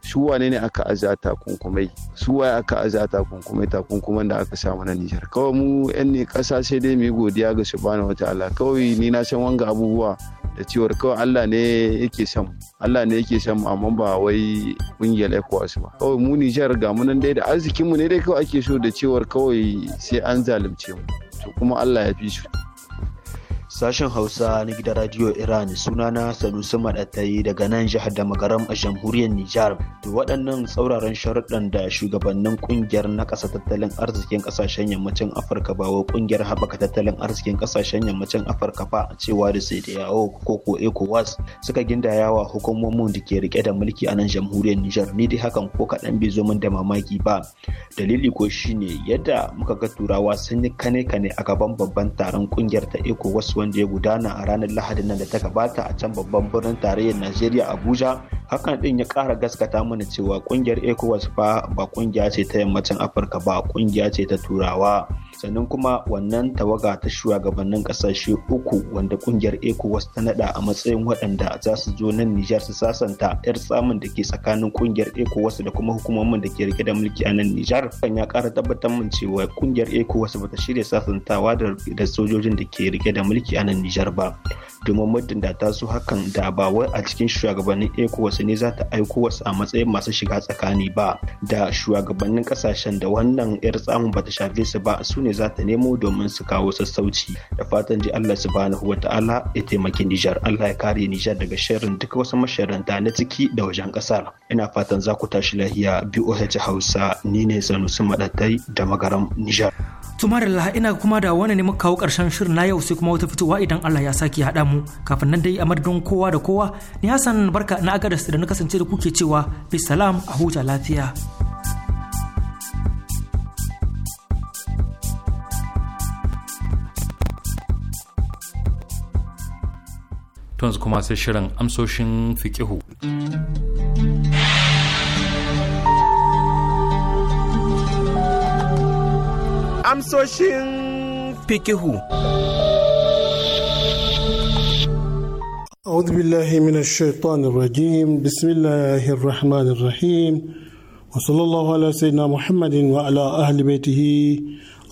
su wane ne aka aza takunkumai su waye aka aza takunkumai takunkuman da aka samu wani Nijar kawai mu yan ne kasa sai dai mu godiya ga subhanahu wataala kawai ni na san wanga abubuwa da cewar kawai Allah ne yake san Allah ne yake san amma ba wai kungiyar ECOWAS ba kawai mu Nijar ga mu nan dai da arzikin mu ne dai kawai ake so da cewar kawai sai an zalunce mu to kuma Allah ya fi shi Sashen Hausa na gida Radio Iran sunana Sanusi Maɗattayi daga nan jihar da magaram a jamhuriyar Nijar. da waɗannan tsauraran sharuɗan da shugabannin ƙungiyar na ƙasa tattalin arzikin ƙasashen yammacin Afirka ba wa ƙungiyar haɓaka tattalin arzikin ƙasashen yammacin Afirka ba cewa da sai da yawo ko ko ECOWAS suka gindayawa hukumomin da ke rike da mulki a nan jamhuriyar Nijar ni dai hakan ko kaɗan bai zo min da mamaki ba. Dalili ko shine yadda muka ga turawa sun yi kane-kane a gaban babban taron ƙungiyar ta ECOWAS wanda ya gudana a ranar lahadin nan da ta gabata a can babban birnin tarayyar najeriya abuja hakan din ya kara gaskata mana cewa kungiyar ecowas fa ba kungiya ce ta yammacin afirka ba kungiya ce ta turawa sannan kuma wannan tawaga ta shugabannin kasashe uku wanda kungiyar ecowas ta nada a matsayin waɗanda za su zo nan nijar su sasanta yar tsamin da ke tsakanin kungiyar ecowas da kuma hukumomin da ke rike da mulki a nan nijar kan ya ƙara tabbatar min cewa kungiyar ecowas ba ta shirya sasantawa da sojojin da ke rike da mulki a nan nijar ba domin muddin da ta su hakan da ba wai a cikin shugabannin ecowas ne za ta aiko wasu a matsayin masu shiga tsakani ba da shugabannin kasashen da wannan yar tsamin ba ta shafe su ba su ne za ta nemo domin su kawo sassauci da fatan ji Allah subhanahu wa ta'ala ya taimaki Nijar Allah ya kare Nijar daga sharrin duk wasu masharanta na ciki da wajen kasar ina fatan za ku tashi lahiya BOH Hausa ni ne Sanusi Madatai da Magaram Nijar Allah ina kuma da wani ne muka kawo karshen shirin na yau sai kuma wata fitowa idan Allah ya saki haɗa mu kafin nan dai a madadin kowa da kowa ni Hassan barka na agadas da na kasance da kuke cewa salam a huta lafiya. yanzu kuma sai shirin amsoshin fikihu. Amsoshin fikihu. أعوذ بالله من الشيطان الرجيم بسم الله الرحمن الرحيم وصلى الله على سيدنا محمد وعلى أهل بيته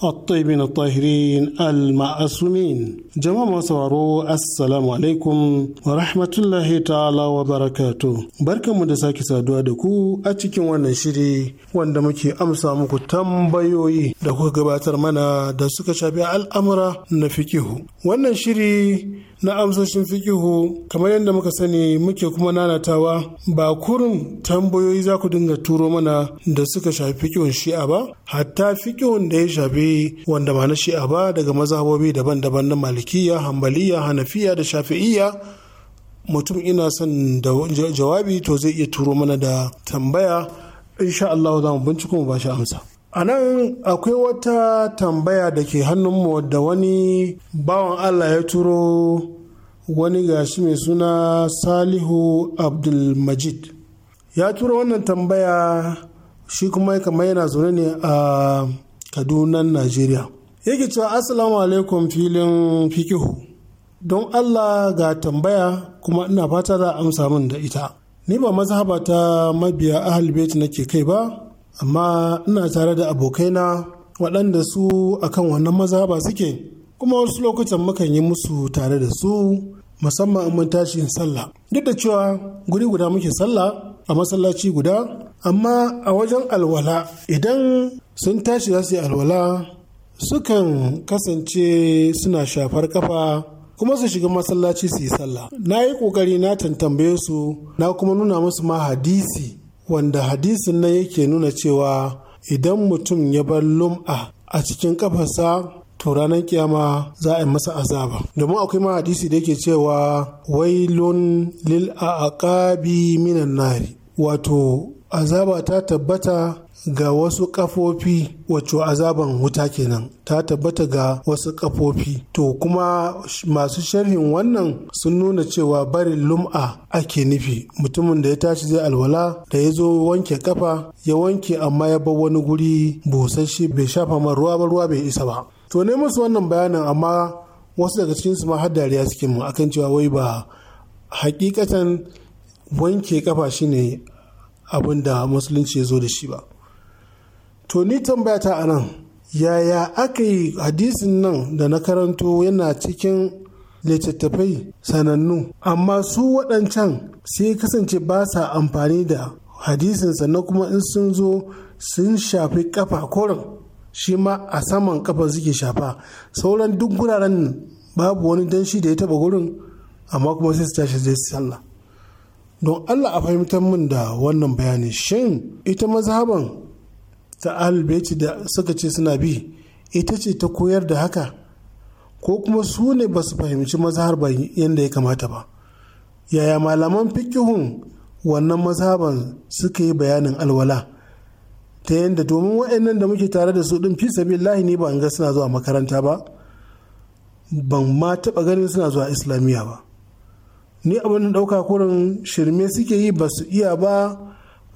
الطيبين الطاهرين المعصومين جماعة sauraro assalamu alaikum wa rahmatullahi ta'ala wa barakatu barkanmu da sake saduwa da ku a cikin wannan shiri wanda muke amsa muku tambayoyi da kuka gabatar mana da suka shafi al'amura na fikihu wannan shiri na amsoshin fikihu kamar yadda muka sani muke kuma nanatawa ba kurin tambayoyi za ku dinga turo mana da suka shafi fikihun shi'a ba hatta fikihun da ya shafi wanda ma na shi'a ba daga mazhabobi daban-daban na malikiya hambaliya hanafiya da shafi'iyya mutum ina son jawabi to zai iya turo mana da tambaya insha Allah za mu binciko mu ba shi amsa A nan akwai wata tambaya da ke hannunmu da wani bawan Allah ya turo wani gashi mai suna Salihu Abdulmajid. Ya turo wannan tambaya shi kuma kamar yana zaune ne a Kadunan Najeriya. Yake cewa Assalamu alaikum filin fikihu. Don Allah ga tambaya kuma ina fata za a amsa min da ita. Ni ba mazhaba ta mabiya ahal nake kai ba, amma ina tare da abokaina waɗanda su akan wannan maza ba suke kuma wasu lokutan mukan yi musu tare da su musamman mun tashi yin sallah duk da cewa guri guda muke sallah a masallaci guda amma a wajen alwala idan sun tashi za su yi alwala sukan kasance suna shafar kafa kuma su shiga masallaci su yi sallah na yi kokari na tantambe su na kuma nuna musu ma hadisi wanda hadisin nan yake nuna cewa idan mutum ya bar lum'a a cikin kafarsa to ranar kiyama za a yi masa azaba domin akwai ma hadisi da yake cewa wailun lil aqabi minan nari wato azaba ta tabbata ga wasu kafofi wacce azaban wuta kenan ta tabbata ga wasu kafofi to kuma masu sharhin wannan sun nuna cewa barin lum'a ake nufi mutumin da ya tashi zai alwala da ya zo wanke kafa ya wanke amma ya bar wani guri busasshe bai shafa man ruwa ba ruwa bai isa ba to ne musu wannan bayanin amma wasu daga cikin su ma har dariya suke mu akan cewa wai ba hakikatan wanke kafa shine abin da musulunci ya zo da shi ba to ni tambaya ta anan yaya aka yi hadisin nan da na karanto yana cikin littattafai sanannu amma su waɗancan sai kasance ba sa amfani da hadisin na kuma in sun zo sun shafi kafa koren shi ma a saman kafa suke shafa sauran duk guraren babu wani danshi da ya taba gurin amma kuma sai su tashi zai sallah don allah a fahimtar min da wannan bayani shin ita mazhaban ta ahalbeci da suka ce suna bi ita ce ta koyar da haka ko kuma su ne ba su fahimci mazhar ba yadda ya kamata ba yaya malaman fikihun wannan mazhaban suka yi bayanin alwala ta yadda domin wa'annan da muke tare da su din fi lahi ne ban ga suna zuwa makaranta ba ban ma taɓa ganin suna zuwa islamiyya ba ni abin da ɗauka kurin shirme suke yi ba su iya ba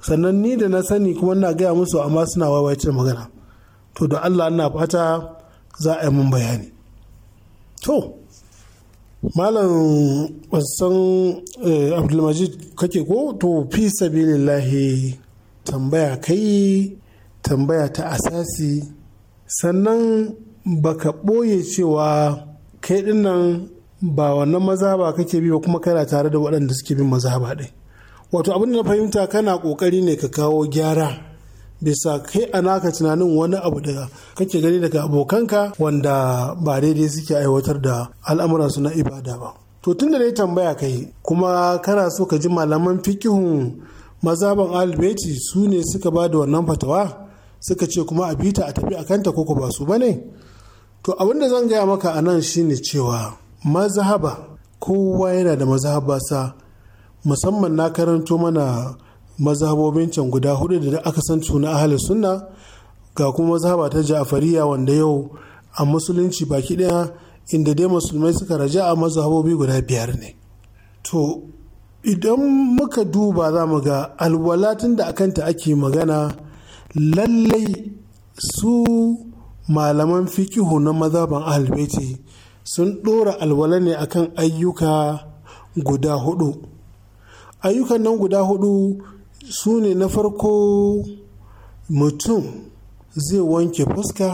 sannan ni da na sani kuma na gaya musu amma suna wawaitar magana to da allah na fata za a yi mun bayani to malam wasan eh, abdulmajid kake ko to fi sabilillahi tambaya kai tambaya ta asasi sannan baka ɓoye cewa kai dinnan ba wannan maza ba kake bi ba kuma kana tare da waɗanda suke bin maza ba ɗin wato abin da na fahimta kana kokari ne ka kawo gyara bisa kai a naka tunanin wani abu da kake gani daga abokanka wanda ba daidai suke aiwatar da su na ibada ba to tun da na yi tambaya kai kuma kana so ka ji malaman fikihun mazaban albeti su ne suka ba da wannan fatawa suka ce kuma a bita a tafi a kanta koko ba su bane to abin da zan gaya maka a nan shine cewa mazhaba kowa yana da mazhabarsa musamman na karanto mana mazhabobin can guda hudu da aka san na ahalin sunna ga kuma mazhaba ta ja'fariya wanda yau a musulunci baki daya inda dai musulmai suka raja a mazhabobi guda biyar ne to idan muka duba za mu ga alwalatin da akanta ake magana lallai su malaman fikihu na mazhaban ahalbeti sun ɗora alwala ne akan ayyuka guda hudu ayyukan nan guda hudu su ne na farko mutum zai wanke fuska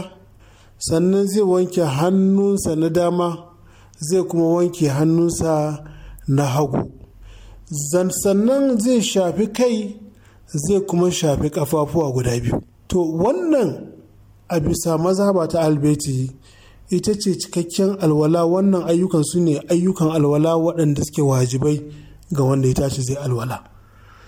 sannan zai wanke hannunsa na dama zai kuma wanke hannunsa na hagu sannan zai shafi kai zai kuma shafi kafafuwa guda biyu to wannan a bisa ba ta albeti ita ce cikakken alwala wannan ayyukan su ne ayyukan alwala waɗanda suke wajibai ga wanda ya tashi zai alwala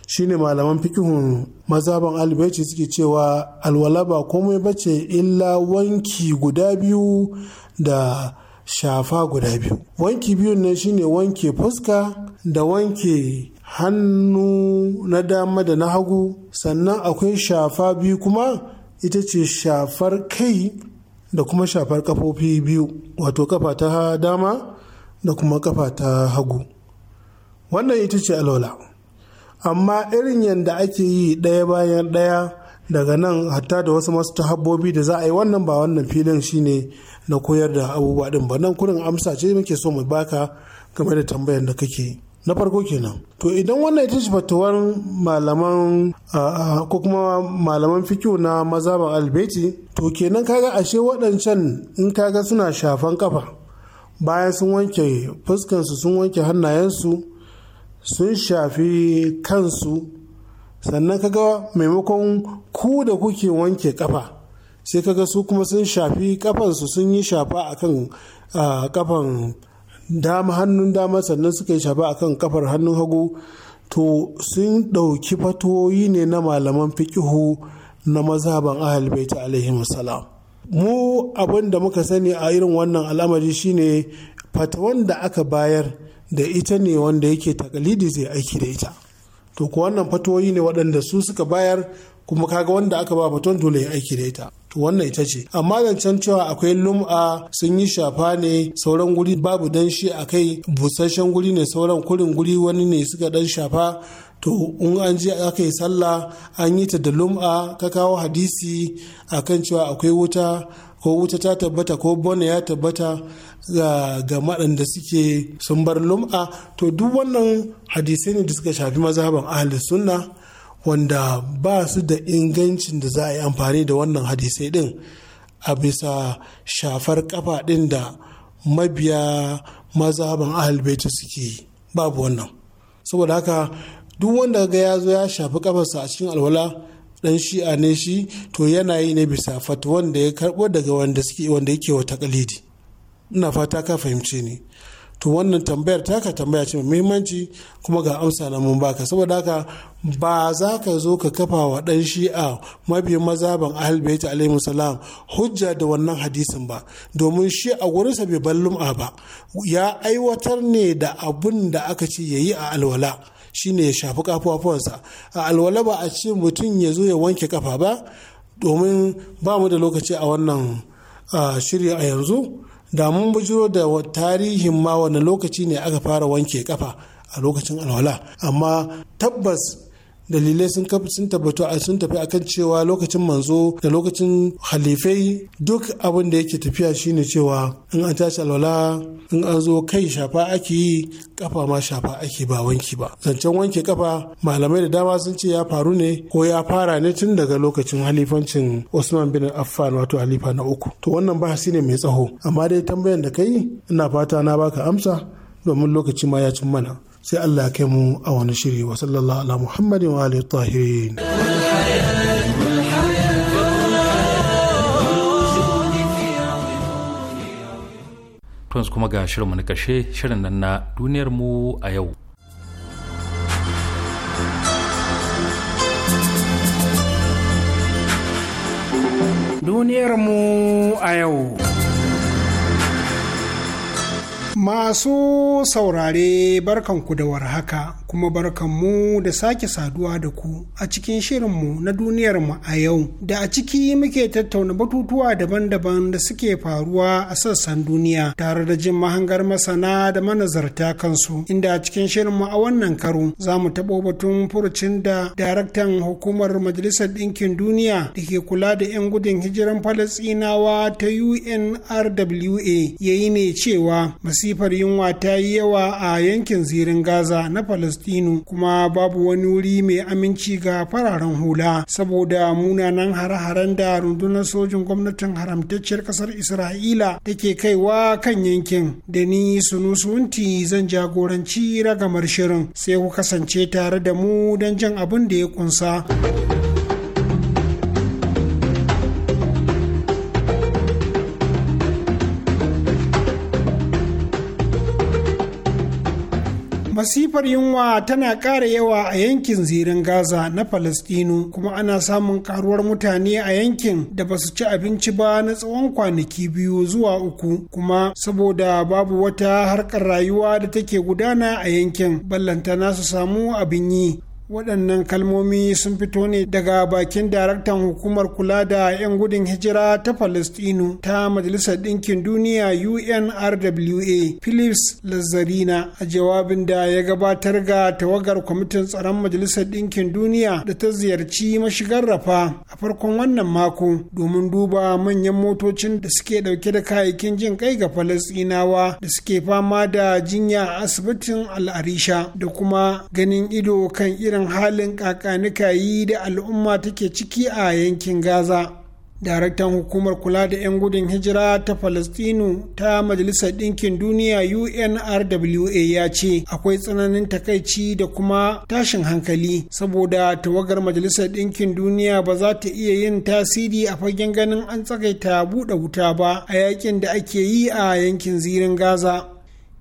Shi ne malaman fikihun mazaban albaici suke cewa alwala ba komai bace illa wanki guda biyu da shafa guda biyu wanki biyun nan shine wanke fuska da wanke hannu na dama da na hagu sannan akwai shafa biyu kuma ita ce shafar kai da kuma shafar kafofi biyu wato kafa ta dama da kuma kafa ta hagu wannan ita ce alwala amma irin yadda ake yi ɗaya bayan ɗaya daga nan hatta da wasu masu tahabbobi da za a yi wannan ba wannan filin shine na koyar da abubuwa ɗin ba nan kurin amsa ce muke so mu baka game da tambayar da kake yi na farko kenan to idan wannan ita ce fatuwar malaman ko kuma malaman fikiyo na mazaban albeti to kenan kaga ashe waɗancan in kaga suna shafan kafa bayan sun wanke fuskansu sun wanke hannayensu sun shafi kansu sannan kaga maimakon ku da kuke wanke kafa sai kaga su kuma sun shafi kafansu sun yi shafa kan kafan dama hannun dama sannan suka yi shafa a kan kafar hannun hagu to sun ɗauki fatoyi ne na malaman fikihu na mazhaban ahal baita alaihi salam mu abin da muka sani a irin wannan al'amari shine fatawan da aka bayar da ita ne wanda yake takalidi zai aiki da ita to ko wannan fatoyi ne waɗanda su suka bayar kuma kaga wanda aka ba faton dole ya aiki da ita to wannan ita ce amma zancen cewa akwai lum'a sun yi shafa ne sauran guri babu danshi a kai busasshen guri ne sauran kurin guri wani ne suka dan shafa to in an je aka yi sallah an yi ta da lum'a ka kawo hadisi akan cewa akwai wuta ko wuta ta tabbata ko bone ya tabbata ga maɗanda suke sun bar lum'a to duk wannan hadisai ne da suka shafi mazhaban ahli sunna wanda ba su da ingancin da za a yi amfani da wannan hadisai din a bisa shafar kafa din da mabiya mazhaban ahalbaita suke yi babu wannan saboda haka duk wanda ga ya zo ya shafi kafarsa a cikin alwala dan shi'a ne shi to yana yi ne bisa fatwan wanda ya karbo daga wanda suke wanda yake wa takalidi ina fata ka fahimce ni to wannan tambayar ta ka tambaya ce mai muhimmanci kuma ga amsa na mun baka saboda haka ba za ka zo ka kafa wa dan shi'a mafi maza ahlul bait alaihi salam hujja da wannan hadisin ba domin shi a gurinsa bai ballum'a ba ya aiwatar ne da abun da aka ce yayi a alwala shine ya shafi kafafuwansa a alwala ba a ce mutum ya zo ya wanke kafa ba domin ba mu da lokaci a wannan shirya a yanzu da mun bujiro da tarihin ma wani lokaci ne aka fara wanke kafa a lokacin alwala amma tabbas dalilai sun kafa sun tabbatu a sun tafi akan cewa lokacin manzo da lokacin halifai duk abin da yake tafiya shine cewa in an tashi alwala in an zo kai shafa ake yi kafa ma shafa ake ba wanki ba zancen wanke kafa malamai da dama sun ce ya faru ne ko ya fara ne tun daga lokacin halifancin Usman bin Affan wato halifa na uku to wannan bahasi ne mai tsaho amma dai tambayan da kai ina fata na baka amsa domin lokaci ma ya cin mana sai Allah kai mu a wani shiri wa sallallahu ala Muhammadin wa alihi tahirin Tunzu kuma ga shirinmu na ƙarshe shirin nan na duniyar mu a yau. Duniyar mu a yau. Masu saurare barkanku da warhaka kuma barkanmu da sake saduwa da ku a cikin shirinmu na duniyarmu a yau da a ciki muke tattauna batutuwa daban-daban da suke faruwa a sassan duniya tare da jin mahangar masana da manazarta kansu inda a cikin shirinmu a wannan karo za mu taɓo batun furucin da daraktan hukumar majalisar ɗinkin duniya da ke kula da 'yan gudun hijiran falasɗinawa ta unrwa ya yi ne cewa masifar yunwa ta yi yawa a yankin zirin gaza na falasɗinawa Falastinu kuma babu wani wuri mai aminci ga fararen hula saboda munanan hare-haren da rundunar sojin gwamnatin haramtacciyar kasar Isra'ila da ke kaiwa kan yankin da ni sunusunti zan jagoranci ragamar shirin sai ku kasance tare da mu don jin abin da ya kunsa. masifar yunwa tana ƙara yawa a yankin zirin gaza na falastinu kuma ana samun karuwar mutane a yankin da ba su ci abinci ba na tsawon kwanaki biyu zuwa uku kuma saboda babu wata harkar rayuwa da take gudana a yankin ballantana su samu abin yi waɗannan kalmomi sun fito ne daga bakin daraktan hukumar kula da 'yan gudun hijira ta palestinu ta majalisar ɗinkin duniya unrwa philips lazzarina a jawabin da ya gabatar ga tawagar kwamitin tsaron majalisar ɗinkin duniya da ta ziyarci mashigar rafa a farkon wannan mako domin duba manyan motocin da suke ɗauke da kayayyakin jin kai ga palestinawa da suke fama da jinya a asibitin al'arisha da kuma ganin ido kan irin irin halin kakanika yi da al'umma take ciki a yankin gaza daraktan hukumar kula da 'yan gudun hijira ta falastinu ta majalisar ɗinkin duniya unrwa ya ce akwai tsananin takaici da kuma tashin hankali saboda tawagar majalisar ɗinkin duniya ba za ta iya yin tasiri a fagen ganin an tsagaita buɗe wuta ba a yakin da ake yi a yankin zirin gaza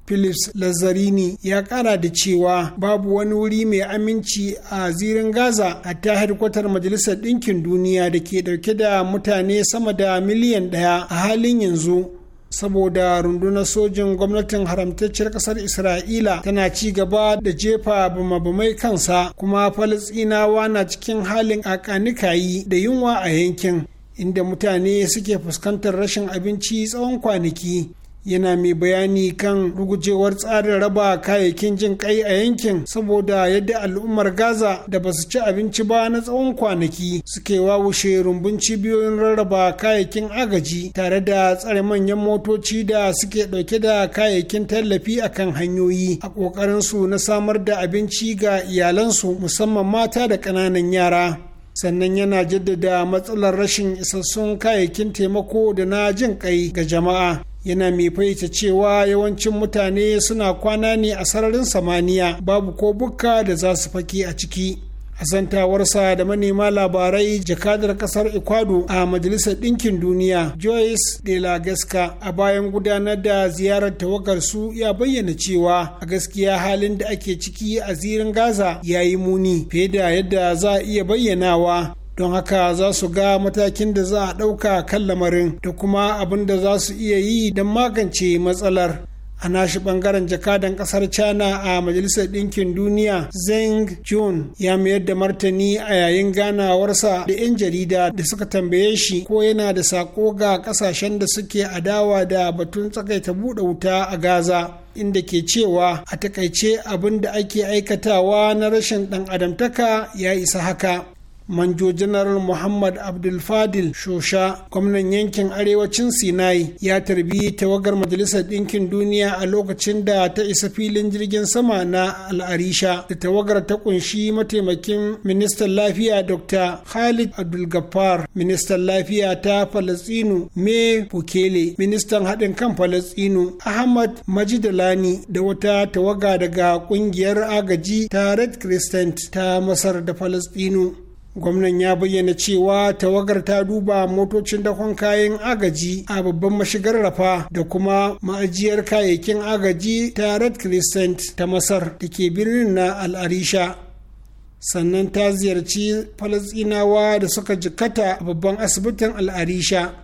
philips lazzarini ya kara da cewa babu wani wuri mai aminci a zirin gaza a ta harkwatar majalisar ɗinkin duniya da ke ɗauke da mutane sama da miliyan ɗaya a halin yanzu saboda rundunar sojin gwamnatin haramtacciyar kasar isra'ila tana ci gaba da jefa bama-bamai kansa kuma falasinawa na cikin halin akanikayi da yunwa a yankin inda mutane suke fuskantar rashin abinci tsawon kwanaki yana mai bayani kan rugujewar tsarin raba kayayyakin jin kai a yankin saboda yadda al'ummar gaza da ba su ci abinci ba na tsawon kwanaki suke wawushe rumbun cibiyoyin rarraba kayayyakin agaji tare da tsare manyan motoci da suke ɗauke da kayayyakin tallafi a kan hanyoyi a ƙoƙarin su na samar da abinci ga iyalansu musamman mata da ƙananan yara sannan yana jaddada matsalar rashin isassun kayayyakin taimako da na jin kai ga jama'a yana mai fahimta cewa yawancin mutane suna kwana ne a sararin samaniya babu ko bukka da za su fake a ciki asantawarsa da manema labarai jakadar kasar ecuador a majalisar ɗinkin duniya joyce de la gasca a bayan gudanar da ziyarar tawagar su ya bayyana cewa a gaskiya halin da ake ciki a zirin gaza ya yi muni fiye da yadda za a iya bayyanawa don haka za su ga matakin da za a ɗauka kan lamarin da kuma abin da za su iya yi don magance matsalar a nashi bangaren jakadan ƙasar china a majalisar ɗinkin duniya zeng jun ya mayar da martani a yayin ganawarsa da 'yan jarida da suka tambaye shi ko yana da sako ga ƙasashen da suke adawa da batun tsakaita buɗe wuta a gaza inda ke cewa a takaice abin da ake aikatawa na rashin ɗan adamtaka ya isa haka manjo janaral muhammad abdulfadil shosha gwamnan yankin arewacin sinai ya tarbi tawagar majalisar ɗinkin duniya a lokacin da ta isa filin jirgin sama na al'arisha da tawagar ta kunshi mataimakin ministan lafiya dr khalid abdulgafar ministan lafiya ta falastinu me bukele ministan haɗin kan falastinu ahmad majidalani da wata tawaga daga ƙungiyar agaji ta red crescent ta masar da falastinu gwamnan ya bayyana cewa tawagar ta duba motocin dakon kayan agaji a babban mashigar rafa da kuma ma'ajiyar kayayyakin agaji ta red crescent ta masar da ke birnin na al'arisha sannan ta ziyarci falasinawa da suka jikata a babban asibitin al'arisha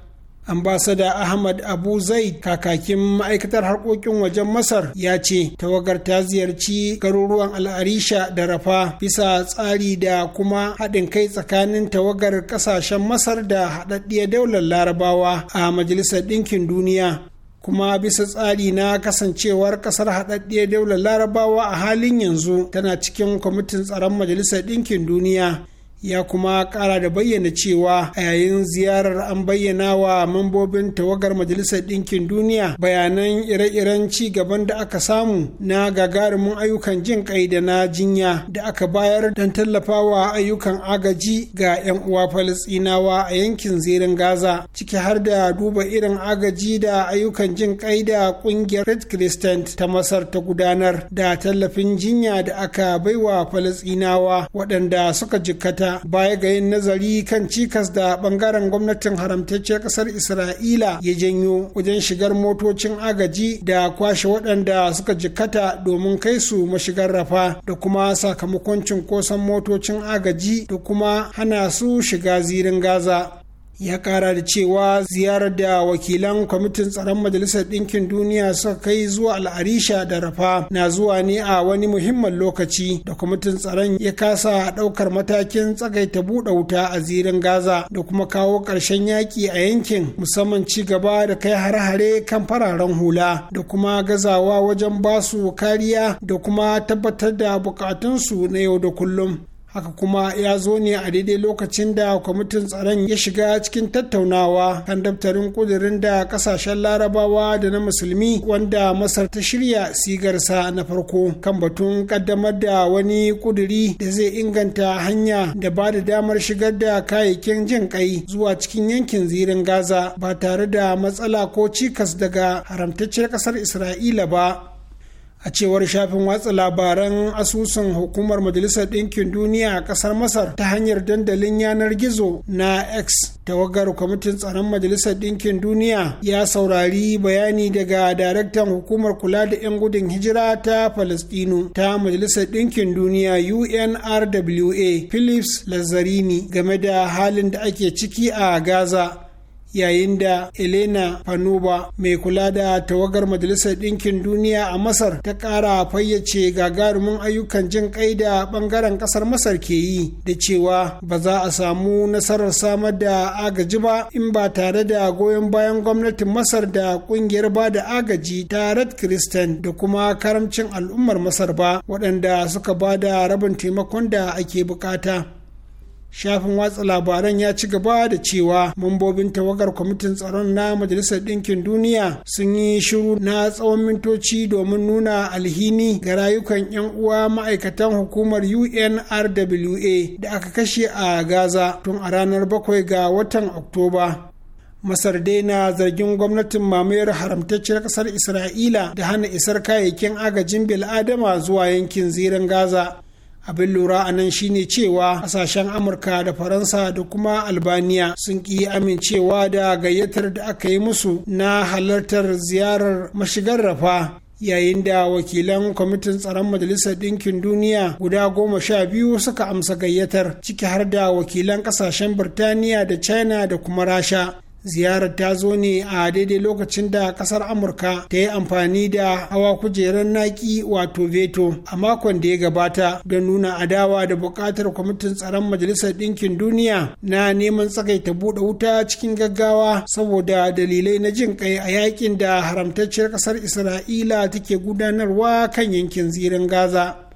ambasada ahmad abu zaid kakakin ma'aikatar harkokin wajen masar ya ce tawagar ta ziyarci garuruwan al'arisha da rafa bisa tsari da kuma haɗin kai tsakanin tawagar ƙasashen masar da haɗaɗɗiyar daular larabawa a majalisar ɗinkin duniya kuma bisa tsari na kasancewar kasar haɗaɗɗiyar daular larabawa a halin yanzu tana cikin kwamitin tsaron majalisar ɗinkin duniya ya kuma kara da bayyana cewa a yayin ziyarar an bayyana wa mambobin tawagar majalisar ɗinkin duniya bayanan ire-iren ci gaban da aka samu na gagarumin ayyukan jin kai da na jinya da aka bayar don tallafawa ayyukan agaji ga 'yan uwa falasɗinawa a yankin zirin gaza ciki har da duba irin agaji da ayyukan jin kai da ƙungiyar red crescent ta masar ta gudanar da tallafin jinya da aka baiwa falisinawa waɗanda suka jikkata baya ga yin nazari kan cikas da bangaren gwamnatin haramtacce kasar isra'ila ya janyo wajen shigar motocin agaji da kwashe waɗanda suka jikkata domin kai su mashigar rafa da kuma sakamakon cinkoson motocin agaji da kuma hana su shiga zirin gaza ya kara da cewa ziyarar da wakilan kwamitin tsaron majalisar ɗinkin duniya suka kai zuwa al'arisha da rafa na zuwa ne a wani muhimmin lokaci da kwamitin tsaron ya kasa ɗaukar matakin tsagaita buɗe wuta a zirin gaza da kuma kawo ƙarshen yaƙi a yankin musamman ci gaba da kai hare-hare kan fararen hula da kuma gazawa wajen basu kariya da kuma tabbatar da bukatunsu na yau da kullum haka kuma ya zo ne a daidai lokacin da kwamitin tsaron ya shiga cikin tattaunawa kan daftarin kudirin da kasashen larabawa da na musulmi wanda masar ta shirya sigarsa na farko kan batun kaddamar da wani kuduri da zai inganta hanya da ba da damar shigar da kayayyakin jin kai zuwa cikin yankin zirin gaza ba tare da matsala ko cikas daga haramtacciyar kasar isra'ila ba a cewar shafin watsa labaran asusun hukumar majalisar ɗinkin duniya a ƙasar masar ta hanyar dandalin yanar gizo na x tawagar kwamitin tsaron majalisar ɗinkin duniya ya saurari bayani daga daraktan hukumar kula da 'yan gudun hijira ta palestino ta majalisar ɗinkin duniya unrwa philips lazzarini game da halin da ake ciki a gaza yayin da elena fanuba mai kula da tawagar majalisar ɗinkin duniya a masar ta ƙara fayyace gagarumin ayyukan jin kai da ɓangaren ƙasar masar ke yi da cewa ba za a samu nasarar samar da agaji ba in ba tare da goyon bayan gwamnatin masar da ƙungiyar ba da agaji ta red christian da kuma karamcin al'ummar masar ba waɗanda suka ba da rabin taimakon da ake bukata. shafin watsa labaran ya ci gaba da cewa mambobin tawagar kwamitin tsaron na majalisar ɗinkin duniya sun yi shiru na tsawon mintoci domin nuna alhini ga rayukan 'yan uwa ma'aikatan hukumar unrwa da aka kashe a gaza tun a ranar bakwai ga watan oktoba Masar dai na zargin gwamnatin mamayar haramtacciyar ƙasar Isra'ila da hana isar kayayyakin agajin bil'adama zuwa yankin zirin Gaza. abin lura a nan shine cewa kasashen amurka da faransa da kuma albaniya sun ki amincewa da gayyatar da aka yi musu na halartar ziyarar mashigar rafa yayin da wakilan kwamitin tsaron majalisar ɗinkin duniya guda goma sha biyu suka amsa gayyatar ciki har da wakilan ƙasashen birtaniya da china da kuma rasha ziyarar ta zo ne a daidai lokacin da kasar amurka ta yi amfani da hawa kujerar naki wato veto a makon da ya gabata don nuna adawa da buƙatar kwamitin tsaron majalisar ɗinkin duniya na neman tsakaita buɗe wuta cikin gaggawa saboda dalilai na jin kai a yakin da haramtacciyar kasar isra'ila take gudanarwa kan yankin zirin gaza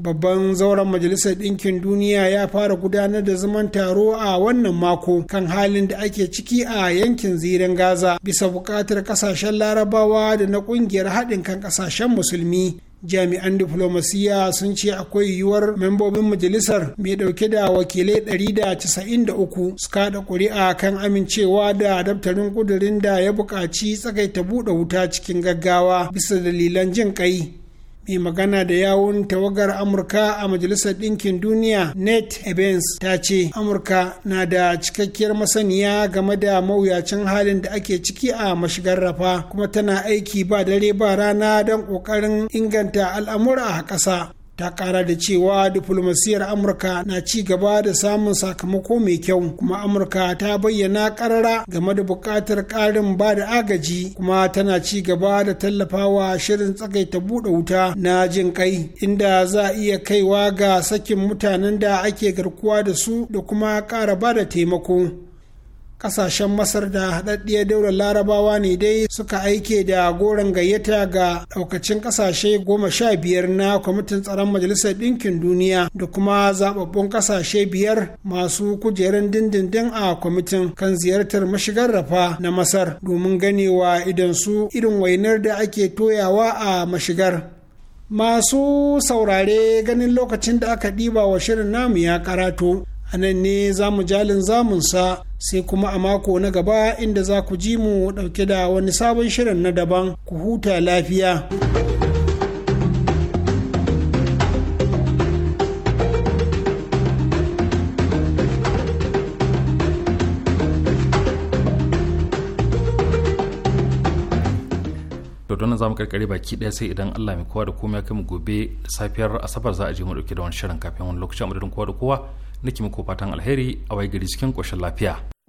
babban zauren majalisar ɗinkin duniya ya fara gudanar da zaman taro a wannan mako kan halin da ake ciki a yankin ziren gaza bisa buƙatar ƙasashen larabawa da na ƙungiyar haɗin kan ƙasashen musulmi jami'an diflomasiyya sun ce akwai yiwuwar membobin majalisar mai ɗauke da wakilai 193 su kaɗa ƙuri'a kan amincewa da daftarin kudurin da ya buƙaci tsakaita buɗe wuta cikin gaggawa bisa dalilan jin ƙai. mai magana da yawun tawagar amurka a majalisar ɗinkin duniya net evans ta ce amurka na da cikakkiyar masaniya game da mawuyacin halin da ake ciki a mashigar rafa kuma tana aiki ba dare ba rana don ƙoƙarin inganta al'amura a ƙasa ta kara da cewa diflomasiyar amurka na ci gaba da samun sakamako mai kyau kuma amurka ta bayyana karara game da buƙatar ƙarin ba da agaji kuma tana ci gaba da tallafawa shirin tsagaita buɗe wuta na jin kai inda za a iya kaiwa ga sakin mutanen da ake garkuwa da su da kuma ƙara ba da taimako kasashen masar da haɗaɗɗiyar daular larabawa ne dai suka aike da goron gayyata ga ɗaukacin ƙasashe goma sha biyar na kwamitin tsaron majalisar ɗinkin duniya da kuma zababbun ƙasashe biyar masu kujerun dindindin a kwamitin kan ziyartar mashigar rafa na masar domin ganewa idan su irin wainar da ake toyawa a mashigar masu saurare ganin lokacin da aka ɗiba wa shirin namu ya karatu a nan ne za mu jalin zamunsa sai kuma a mako na gaba inda za ku ji mu ɗauke da wani sabon shirin na daban ku huta lafiya. nan zamu karkare baki daya sai idan Allah mai kowa da komai kai mu gobe safiyar asabar za a je mu dauke da wani shirin kafin wani lokacin da kowa da kowa nake muku fatan alheri a wai gari cikin koshin lafiya